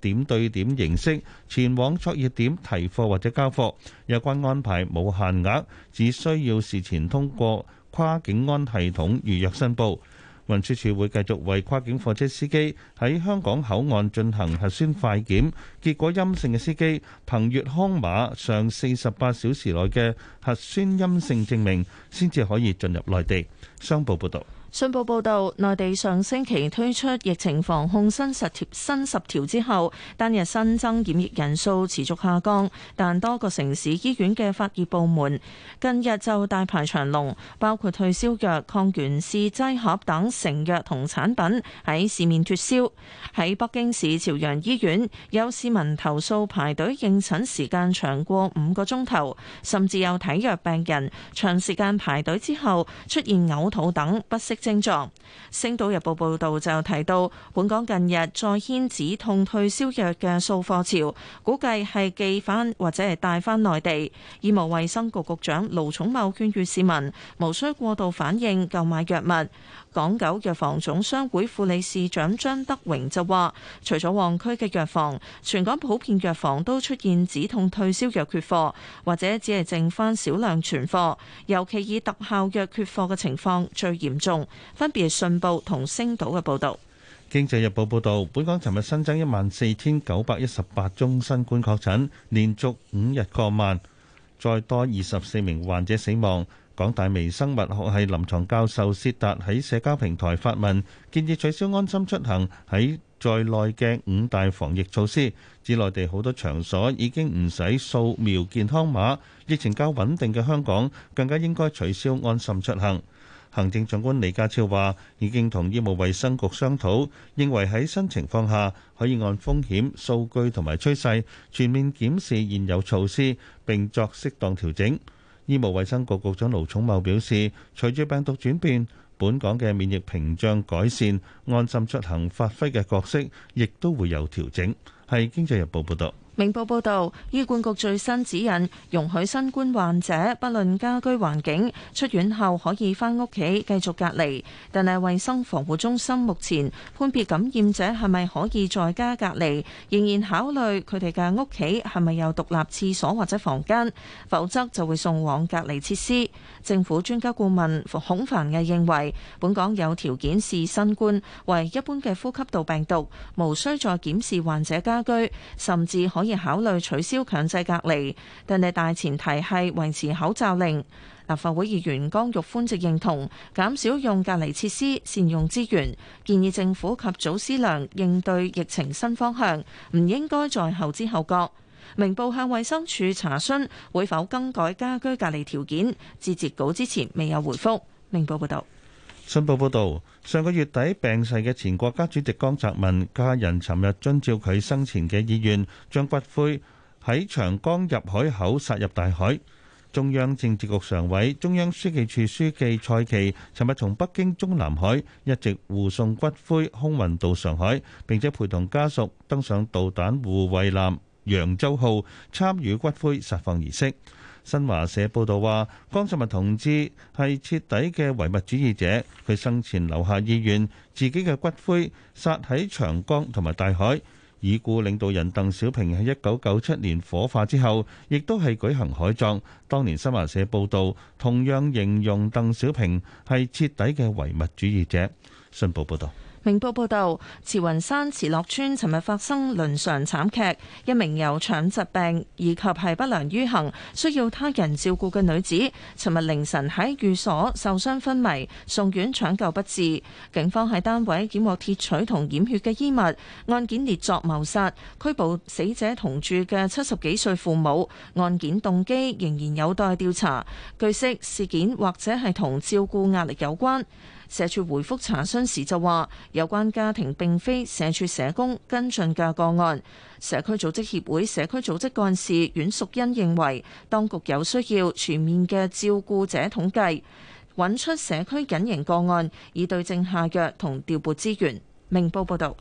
點對點形式前往作業點提貨或者交貨，有關安排冇限額，只需要事前通過跨境安系統預約申報。運輸署會繼續為跨境貨車司機喺香港口岸進行核酸快檢，結果陰性嘅司機憑粵康碼上四十八小時內嘅核酸陰性證明，先至可以進入內地。商報報道。信報報導，內地上星期推出疫情防控新十條，新十條之後，單日新增染疫人數持續下降，但多個城市醫院嘅發熱部門近日就大排長龍，包括退燒藥、抗原試劑盒等成藥同產品喺市面脫銷。喺北京市朝陽醫院，有市民投訴排隊應診時間長過五個鐘頭，甚至有體弱病人長時間排隊之後出現嘔吐等不適。症狀，《星島日報》報道就提到，本港近日再掀止痛退燒藥嘅掃貨潮，估計係寄翻或者係帶翻內地。醫務衛生局局長盧寵茂勸喻市民無需過度反應購買藥物。港九藥房總商會副理事長張德榮就話，除咗旺區嘅藥房，全港普遍藥房都出現止痛退燒藥缺貨，或者只係剩翻少量存貨，尤其以特效藥缺貨嘅情況最嚴重。分別係《信報》同星島嘅報道，《經濟日報》報道，本港尋日新增一萬四千九百一十八宗新冠確診，連續五日過萬，再多二十四名患者死亡。港大微生物學系臨床教授薛達喺社交平台發文，建議取消安心出行喺在內嘅五大防疫措施，指內地好多場所已經唔使掃描健康碼，疫情較穩定嘅香港更加應該取消安心出行。行政長官李家超話，已經同醫務衛生局商討，認為喺新情況下可以按風險數據同埋趨勢全面檢視現有措施，並作適當調整。醫務衛生局局長盧寵茂表示，隨住病毒轉變，本港嘅免疫屏障改善、安心出行發揮嘅角色，亦都會有調整。係《經濟日報》報道。明報報導，醫管局最新指引容許新冠患者，不論家居環境，出院後可以翻屋企繼續隔離。但係衞生防護中心目前判別感染者係咪可以在家隔離，仍然考慮佢哋嘅屋企係咪有獨立廁所或者房間，否則就會送往隔離設施。政府專家顧問孔繁毅認為，本港有條件視新冠為一般嘅呼吸道病毒，無需再檢視患者家居，甚至可可以考慮取消強制隔離，但係大前提係維持口罩令。立法會議員江玉歡就認同，減少用隔離設施，善用資源，建議政府及早思量應對疫情新方向，唔應該再後知後覺。明報向衛生署查詢會否更改家居隔離條件，至截稿之前未有回覆。明報報道。信報報導，上個月底病逝嘅前國家主席江澤民家人，尋日遵照佢生前嘅意願，將骨灰喺長江入海口撒入大海。中央政治局常委、中央書記處書記蔡奇尋日從北京中南海一直護送骨灰空運到上海，並且陪同家屬登上導彈護衛艦揚州號，參與骨灰撒放儀式。新華社報道話，江澤民同志係徹底嘅唯物主義者，佢生前留下意願，自己嘅骨灰撒喺長江同埋大海。已故領導人鄧小平喺一九九七年火化之後，亦都係舉行海葬。當年新華社報道，同樣形容鄧小平係徹底嘅唯物主義者。信報報道。明報報導，慈雲山慈樂村尋日發生倫常慘劇，一名有腸疾病以及係不良於行，需要他人照顧嘅女子，尋日凌晨喺寓所受傷昏迷，送院搶救不治。警方喺單位檢獲鐵錘同染血嘅衣物，案件列作謀殺，拘捕死者同住嘅七十幾歲父母。案件動機仍然有待調查。據悉，事件或者係同照顧壓力有關。社署回覆查詢時就話，有關家庭並非社署社工跟進嘅個案。社區組織協會社區組織幹事阮淑欣認為，當局有需要全面嘅照顧者統計，揾出社區隱形個案，以對症下藥同調撥資源。明報報道。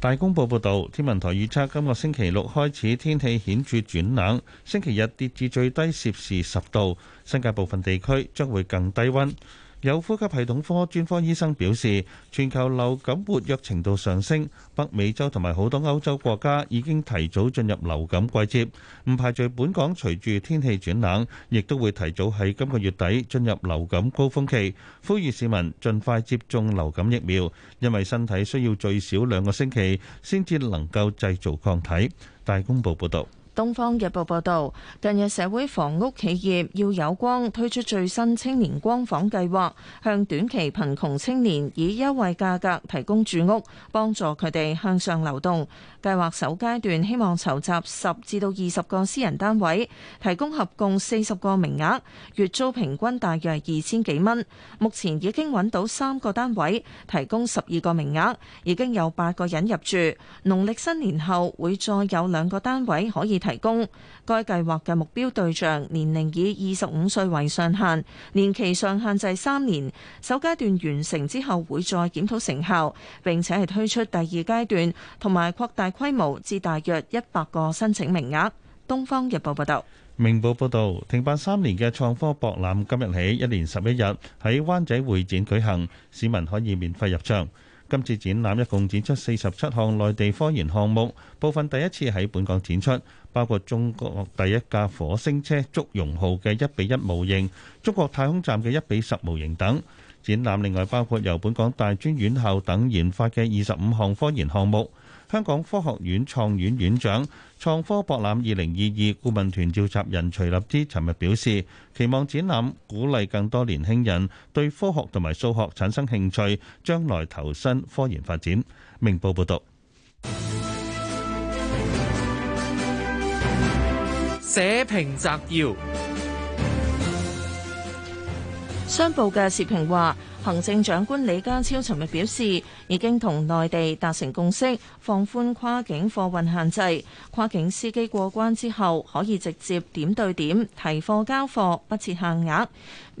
大公報報道，天文台預測今個星期六開始天氣顯著轉冷，星期日跌至最低攝氏十度，新界部分地區將會更低溫。有呼吸系統科專科醫生表示，全球流感活躍程度上升，北美洲同埋好多歐洲國家已經提早進入流感季節。唔排除本港隨住天氣轉冷，亦都會提早喺今個月底進入流感高峰期。呼籲市民盡快接種流感疫苗，因為身體需要最少兩個星期先至能夠製造抗體。大公報報道。《東方日報》報導，近日社會房屋企業要有光推出最新青年光房計劃，向短期貧窮青年以優惠價格提供住屋，幫助佢哋向上流動。計劃首階段希望籌集十至到二十個私人單位，提供合共四十個名額，月租平均大約二千幾蚊。目前已經揾到三個單位，提供十二個名額，已經有八個人入住。農曆新年後會再有兩個單位可以提供。該計劃嘅目標對象年齡以二十五歲為上限，年期上限制三年。首階段完成之後會再檢討成效，並且係推出第二階段同埋擴大規模至大約一百個申請名額。《東方日報》報道，《明報》報道，停辦三年嘅創科博覽今日起一連十一日喺灣仔會展舉行，市民可以免費入場。今次展覽一共展出四十七項內地科研項目，部分第一次喺本港展出。包括中國第一架火星車祝融號嘅一比一模型、中國太空站嘅一比十模型等。展覽另外包括由本港大專院校等研發嘅二十五項科研項目。香港科學院創院院長、創科博覽二零二二顧問團召集人徐立之尋日表示，期望展覽鼓勵更多年輕人對科學同埋數學產生興趣，將來投身科研發展。明報報導。社評摘要：商報嘅社評話。行政長官李家超尋日表示，已經同內地達成共識，放寬跨境貨運限制，跨境司機過關之後可以直接點對點提貨交貨，不設限額，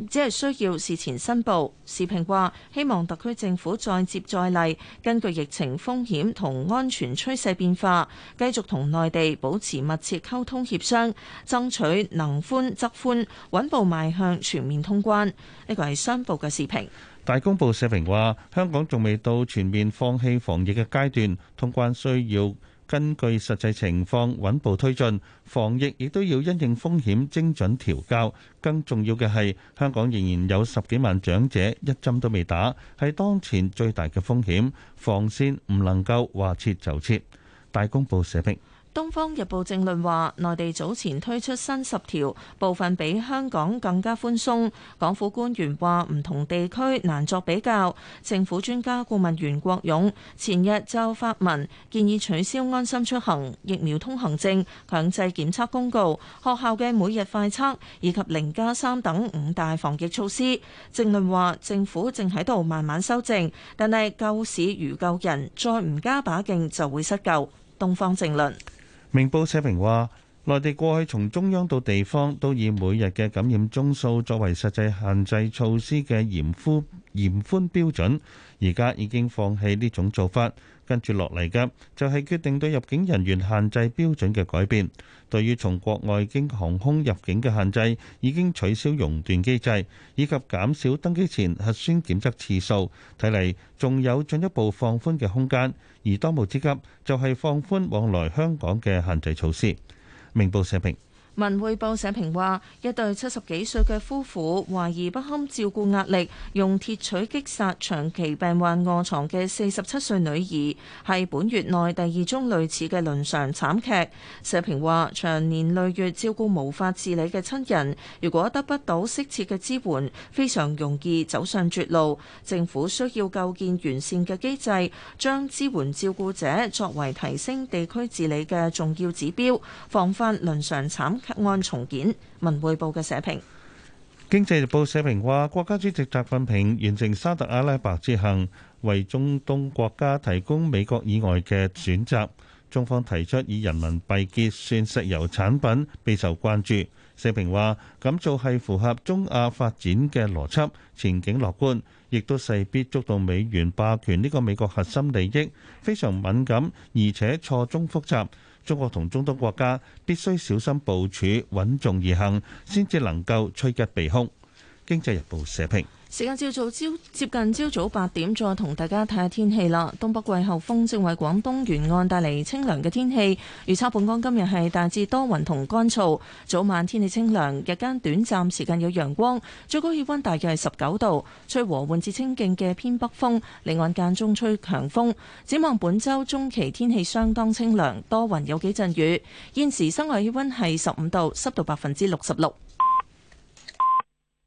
只係需要事前申報。社評話希望特區政府再接再厲，根據疫情風險同安全趨勢變化，繼續同內地保持密切溝通協商，爭取能寬則寬，穩步邁向全面通關。呢個係商報嘅社評。大公報社評話：香港仲未到全面放棄防疫嘅階段，通關需要根據實際情況穩步推進，防疫亦都要因應風險精準調校。更重要嘅係，香港仍然有十幾萬長者一針都未打，係當前最大嘅風險，防線唔能夠話撤就撤。大公報社評。《東方日報政論》話，內地早前推出新十條，部分比香港更加寬鬆。港府官員話，唔同地區難作比較。政府專家顧問袁國勇前日就發文建議取消安心出行、疫苗通行證、強制檢測公告、學校嘅每日快測以及零加三等五大防疫措施。政論話，政府正喺度慢慢修正，但係救市如救人，再唔加把勁就會失救。《東方政論》。明報社評話，內地過去從中央到地方都以每日嘅感染宗數作為實際限制措施嘅嚴寬嚴寬標準，而家已經放棄呢種做法。跟住落嚟嘅就係決定對入境人員限制標準嘅改變。對於從國外經航空入境嘅限制，已經取消熔斷機制，以及減少登機前核酸檢測次數。睇嚟仲有進一步放寬嘅空間，而當務之急就係放寬往來香港嘅限制措施。明報社評。文匯報社評話：一對七十幾歲嘅夫婦懷疑不堪照顧壓力，用鐵錘擊殺長期病患卧床嘅四十七歲女兒，係本月內第二宗類似嘅倫常慘劇。社評話：長年累月照顧無法自理嘅親人，如果得不到適切嘅支援，非常容易走上絕路。政府需要構建完善嘅機制，將支援照顧者作為提升地區治理嘅重要指標，防範倫常慘劇。按重建文匯報嘅社評，經濟日報社評話，國家主席習近平完成沙特阿拉伯之行，為中東國家提供美國以外嘅選擇。中方提出以人民幣結算石油產品，備受關注。社評話，咁做係符合中亞發展嘅邏輯，前景樂觀，亦都勢必觸動美元霸權呢個美國核心利益，非常敏感，而且錯綜複雜。中國同中東國家必須小心部署，穩重而行，先至能夠趨吉避兇。經濟日報社評。時間照早朝接近朝早八點，再同大家睇下天氣啦。東北季候風正為廣東沿岸帶嚟清涼嘅天氣。預測本港今日係大致多雲同乾燥，早晚天氣清涼，日間短暫時間有陽光，最高氣溫大約係十九度，吹和緩至清勁嘅偏北風，離岸間中吹強風。展望本周中期天氣相當清涼，多雲有幾陣雨。現時室外氣溫係十五度，濕度百分之六十六。